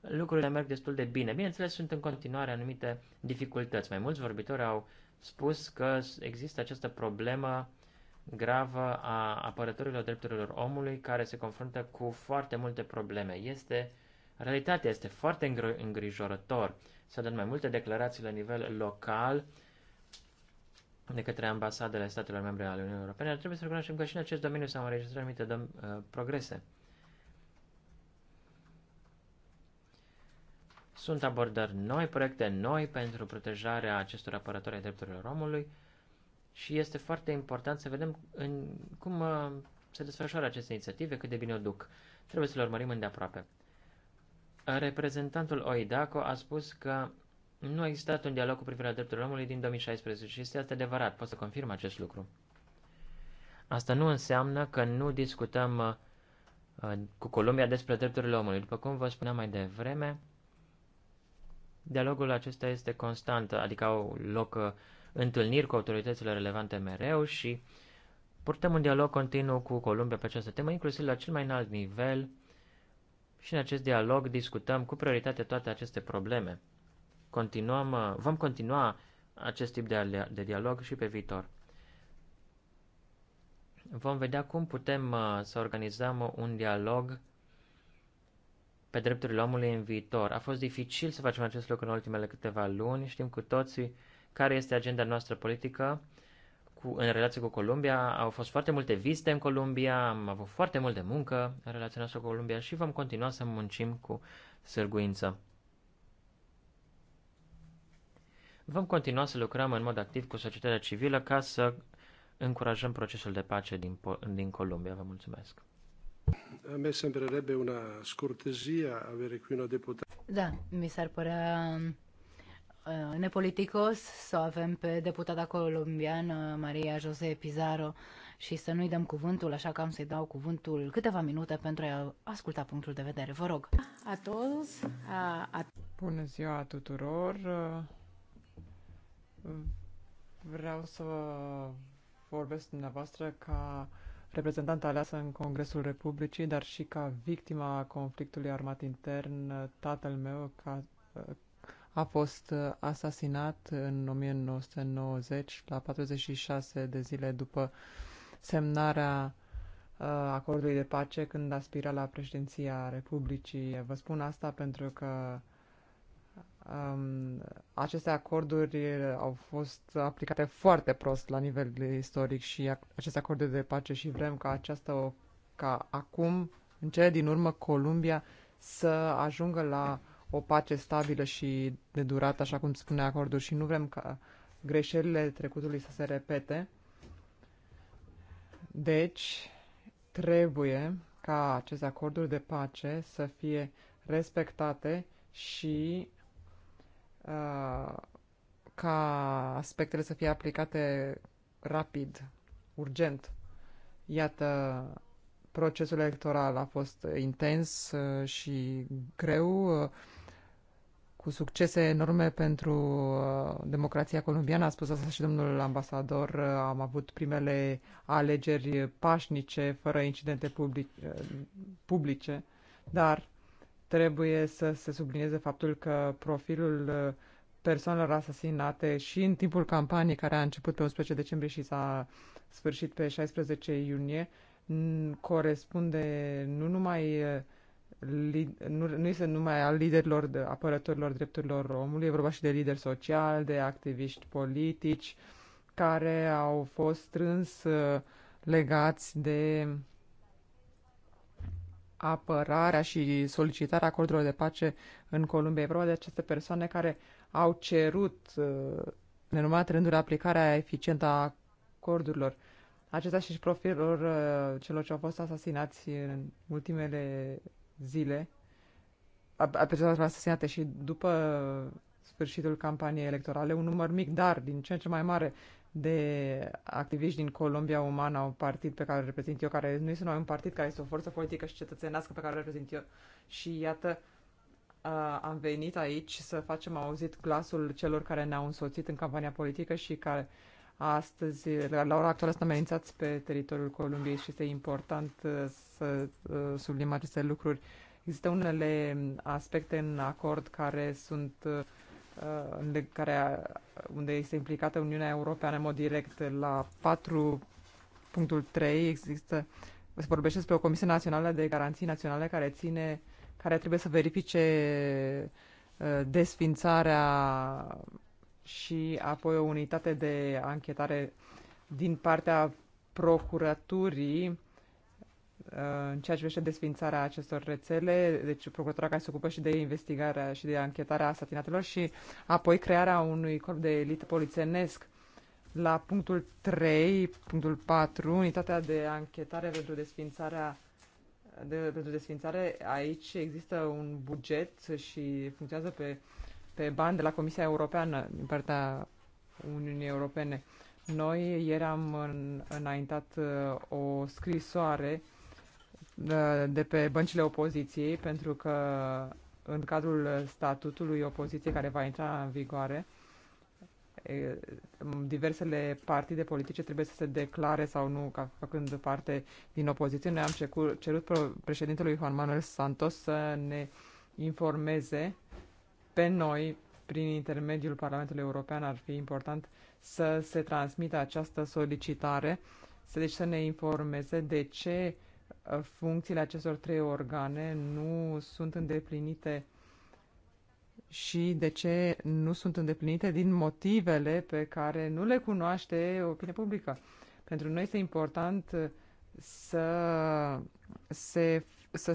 S3: lucrurile merg destul de bine. Bineînțeles, sunt în continuare anumite dificultăți. Mai mulți vorbitori au spus că există această problemă gravă a apărătorilor drepturilor omului care se confruntă cu foarte multe probleme. Este, realitatea este foarte îngrijorător. S-au dat mai multe declarații la nivel local de către ambasadele statelor membre ale Uniunii Europene, ar trebui să recunoaștem că și în acest domeniu s-au înregistrat anumite dom- uh, progrese. Sunt abordări noi, proiecte noi pentru protejarea acestor apărători ai drepturilor omului și este foarte important să vedem în cum uh, se desfășoară aceste inițiative, cât de bine o duc. Trebuie să le urmărim îndeaproape. Reprezentantul OIDACO a spus că nu a existat un dialog cu privire la drepturile omului din 2016 și este adevărat, pot să confirm acest lucru. Asta nu înseamnă că nu discutăm uh, cu Columbia despre drepturile omului. După cum vă spuneam mai devreme, dialogul acesta este constant, adică au loc uh, întâlniri cu autoritățile relevante mereu și purtăm un dialog continuu cu Columbia pe această temă, inclusiv la cel mai înalt nivel și în acest dialog discutăm cu prioritate toate aceste probleme continuăm, uh, vom continua acest tip de, de dialog și pe viitor. Vom vedea cum putem uh, să organizăm un dialog pe drepturile omului în viitor. A fost dificil să facem acest lucru în ultimele câteva luni. Știm cu toții care este agenda noastră politică cu, în relație cu Columbia. Au fost foarte multe vizite în Columbia, am avut foarte de muncă în relația noastră cu Columbia și vom continua să muncim cu sârguință. Vom continua să lucrăm în mod activ cu societatea civilă ca să încurajăm procesul de pace din, din Columbia. Vă mulțumesc.
S2: Mi sembrerebbe una scurtesia avere qui una deputată. Da, mi s-ar părea uh, nepoliticos să o avem pe deputata colombiană Maria José Pizarro și să nu-i dăm cuvântul, așa că am să-i dau cuvântul câteva minute pentru a asculta punctul de vedere.
S5: Vă rog. A todos, a, a... Bună ziua tuturor! Vreau să vorbesc dumneavoastră ca reprezentant aleasă în Congresul Republicii, dar și ca victima conflictului armat intern, tatăl meu ca, a fost asasinat în 1990, la 46 de zile după semnarea uh, acordului de pace, când aspira la președinția Republicii. Vă spun asta pentru că um, aceste acorduri au fost aplicate foarte prost la nivel istoric și aceste acorduri de pace și vrem ca această, ca acum, în cele din urmă, Columbia să ajungă la o pace stabilă și de durată, așa cum spune acordul, și nu vrem ca greșelile trecutului să se repete. Deci, trebuie ca aceste acorduri de pace să fie respectate și Uh, ca aspectele să fie aplicate rapid, urgent. Iată, procesul electoral a fost intens uh, și greu, uh, cu succese enorme pentru democrația colombiană. A spus asta și domnul ambasador. Am avut primele alegeri pașnice, fără incidente public, publice, dar Trebuie să se sublinieze faptul că profilul uh, persoanelor asasinate și în timpul campaniei care a început pe 11 decembrie și s-a sfârșit pe 16 iunie corespunde nu numai uh, nu, nu este numai al liderilor, de, apărătorilor drepturilor omului, e vorba și de lideri sociali, de activiști politici, care au fost strâns uh, legați de apărarea și solicitarea acordurilor de pace în Columbia. E vorba de aceste persoane care au cerut uh, nenumărate rânduri aplicarea eficientă a acordurilor. Acestea și profilor uh, celor ce au fost asasinați în ultimele zile, a persoanelor asasinate și după sfârșitul campaniei electorale, un număr mic, dar din ce în ce mai mare de activiști din Columbia Umana, un partid pe care îl reprezint eu, care nu este numai un partid, care este o forță politică și cetățenească pe care îl reprezint eu. Și iată, uh, am venit aici să facem auzit glasul celor care ne-au însoțit în campania politică și care astăzi, la, la ora actuală, sunt amenințați pe teritoriul Columbiei și este important uh, să uh, sublim aceste lucruri. Există unele aspecte în acord care sunt uh, uh, care, uh, unde este implicată Uniunea Europeană în mod direct. La 4.3 există, se vorbește despre o Comisie Națională de Garanții Naționale care ține, care trebuie să verifice uh, desfințarea și apoi o unitate de anchetare din partea procuraturii Uh, în ceea ce vește desfințarea acestor rețele, deci procuratura care se ocupă și de investigarea și de anchetarea asatinatelor și apoi crearea unui corp de elită polițenesc. La punctul 3, punctul 4, unitatea de anchetare pentru desfințarea de, pentru desfințare, aici există un buget și funcționează pe, pe bani de la Comisia Europeană, din partea Uniunii Europene. Noi ieri am înaintat uh, o scrisoare de pe băncile opoziției, pentru că în cadrul statutului opoziției care va intra în vigoare, diversele partide politice trebuie să se declare sau nu ca făcând parte din opoziție. Noi am cerut, președintelui Juan Manuel Santos să ne informeze pe noi prin intermediul Parlamentului European ar fi important să se transmită această solicitare, să, deci să ne informeze de ce funcțiile acestor trei organe nu sunt îndeplinite și de ce nu sunt îndeplinite din motivele pe care nu le cunoaște opinia publică. Pentru noi este important să se, să se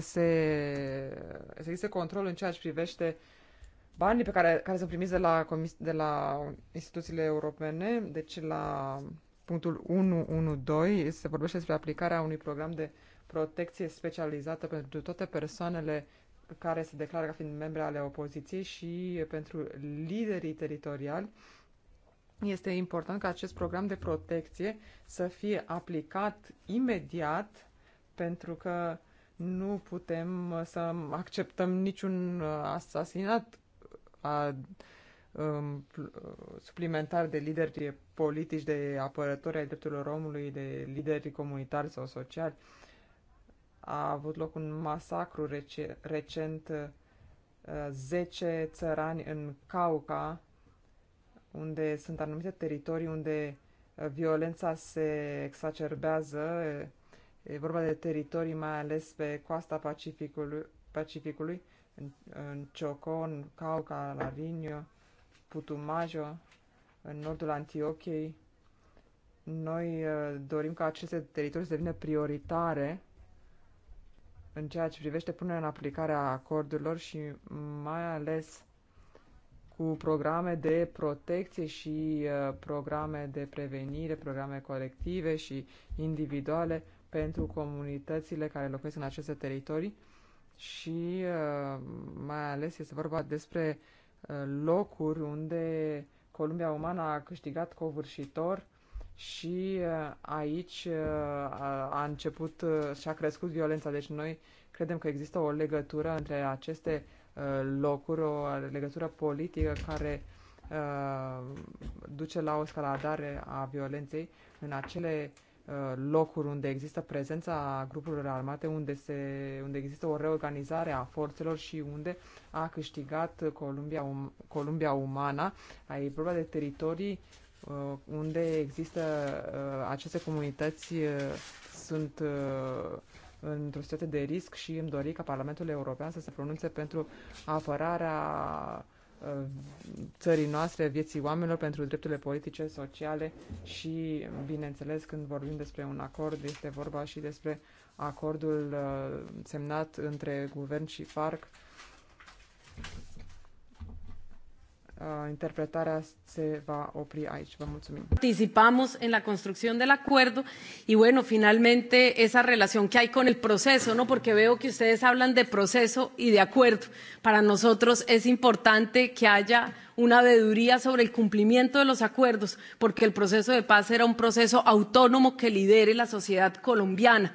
S5: să existe control în ceea ce privește banii pe care, care sunt primiți de la, comis, de la instituțiile europene, deci la punctul 1.1.2 se vorbește despre aplicarea unui program de uh, protecție specializată pentru toate persoanele care se declară ca fiind membre ale opoziției și pentru liderii teritoriali, este important ca acest program de protecție să fie aplicat imediat pentru că nu putem să acceptăm niciun uh, asasinat a, uh, a, um, suplimentar de lideri politici, de apărători ai drepturilor omului, de lideri comunitari sau sociali a avut loc un masacru rec- recent, 10 uh, țărani în Cauca, unde sunt anumite teritorii unde uh, violența se exacerbează. E vorba de teritorii mai ales pe coasta Pacificului, Pacificului în, în Ciocon, Cauca, Lavinio Putumajo, în nordul Antiochiei. Noi uh, dorim ca aceste teritorii să devină prioritare în ceea ce privește punerea în aplicare a acordurilor și mai ales cu programe de protecție și uh, programe de prevenire, programe colective și individuale pentru comunitățile care locuiesc în aceste teritorii și uh, mai ales este vorba despre uh, locuri unde Columbia Umană a câștigat covârșitor și uh, aici uh, a început uh, și a crescut violența. Deci noi credem că există o legătură între aceste locuri, o legătură politică care duce la o scaladare a violenței în acele locuri unde există prezența grupurilor armate, unde, se, unde există o reorganizare a forțelor și unde a câștigat Columbia, um-, Columbia Umana. Ai vorba de teritorii Uh, unde există uh, aceste comunități uh, sunt într-o situație de risc și îmi dori ca Parlamentul European să se pronunțe pentru apărarea țării noastre, vieții oamenilor, pentru drepturile politice, sociale și, bineînțeles, când vorbim despre un acord, este vorba și despre acordul semnat între guvern și FARC Uh, interpretarea se va opri
S4: aici. Vă mulțumim. Participamos en la construcción del acuerdo y bueno, finalmente esa relación que hay con el proceso, ¿no? Porque veo que ustedes hablan de proceso y de acuerdo. Para nosotros es importante que haya una veeduría sobre el cumplimiento de los acuerdos, porque el proceso de paz era un proceso autónomo que lidere la sociedad colombiana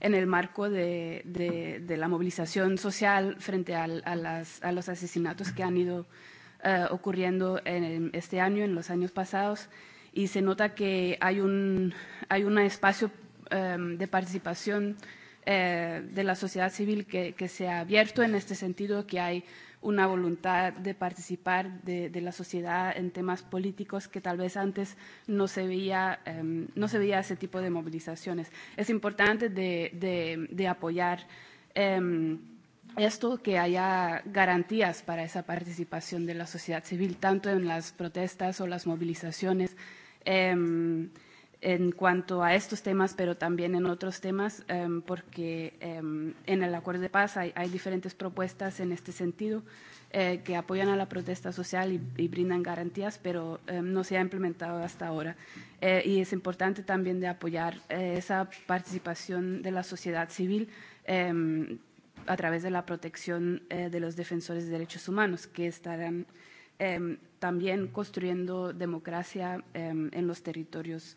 S4: en el marco de, de, de la movilización social frente al, a, las, a los asesinatos que han ido uh, ocurriendo en este año, en los años pasados, y se nota que hay un, hay un espacio um, de participación uh, de la sociedad civil que, que se ha abierto en este sentido, que hay una voluntad de participar de, de la sociedad en temas políticos que tal vez antes no se veía, um, no se veía ese tipo de movilizaciones. Es importante de, de, de apoyar um, esto, que haya garantías para esa participación de la sociedad civil, tanto en las protestas o las movilizaciones. Um, en cuanto a estos temas, pero también en otros temas, um, porque um, en el acuerdo de paz hay, hay diferentes propuestas en este sentido eh, que apoyan a la protesta social y, y brindan garantías, pero um, no se ha implementado hasta ahora. Eh, y es importante también de apoyar eh, esa participación de la sociedad civil eh, a través de la protección eh, de los defensores de derechos humanos, que estarán eh, también construyendo democracia eh, en los territorios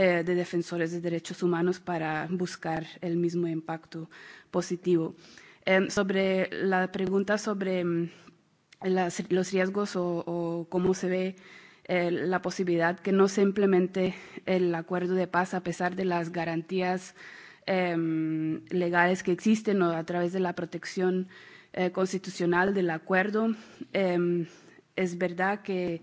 S4: eh, de defensores de derechos humanos para buscar el mismo impacto positivo. Eh, sobre la pregunta sobre mm, las, los riesgos o, o cómo se ve eh, la posibilidad que no se implemente el acuerdo de paz a pesar de las garantías eh, legales que existen o a través de la protección eh, constitucional del acuerdo. Eh, es verdad que eh,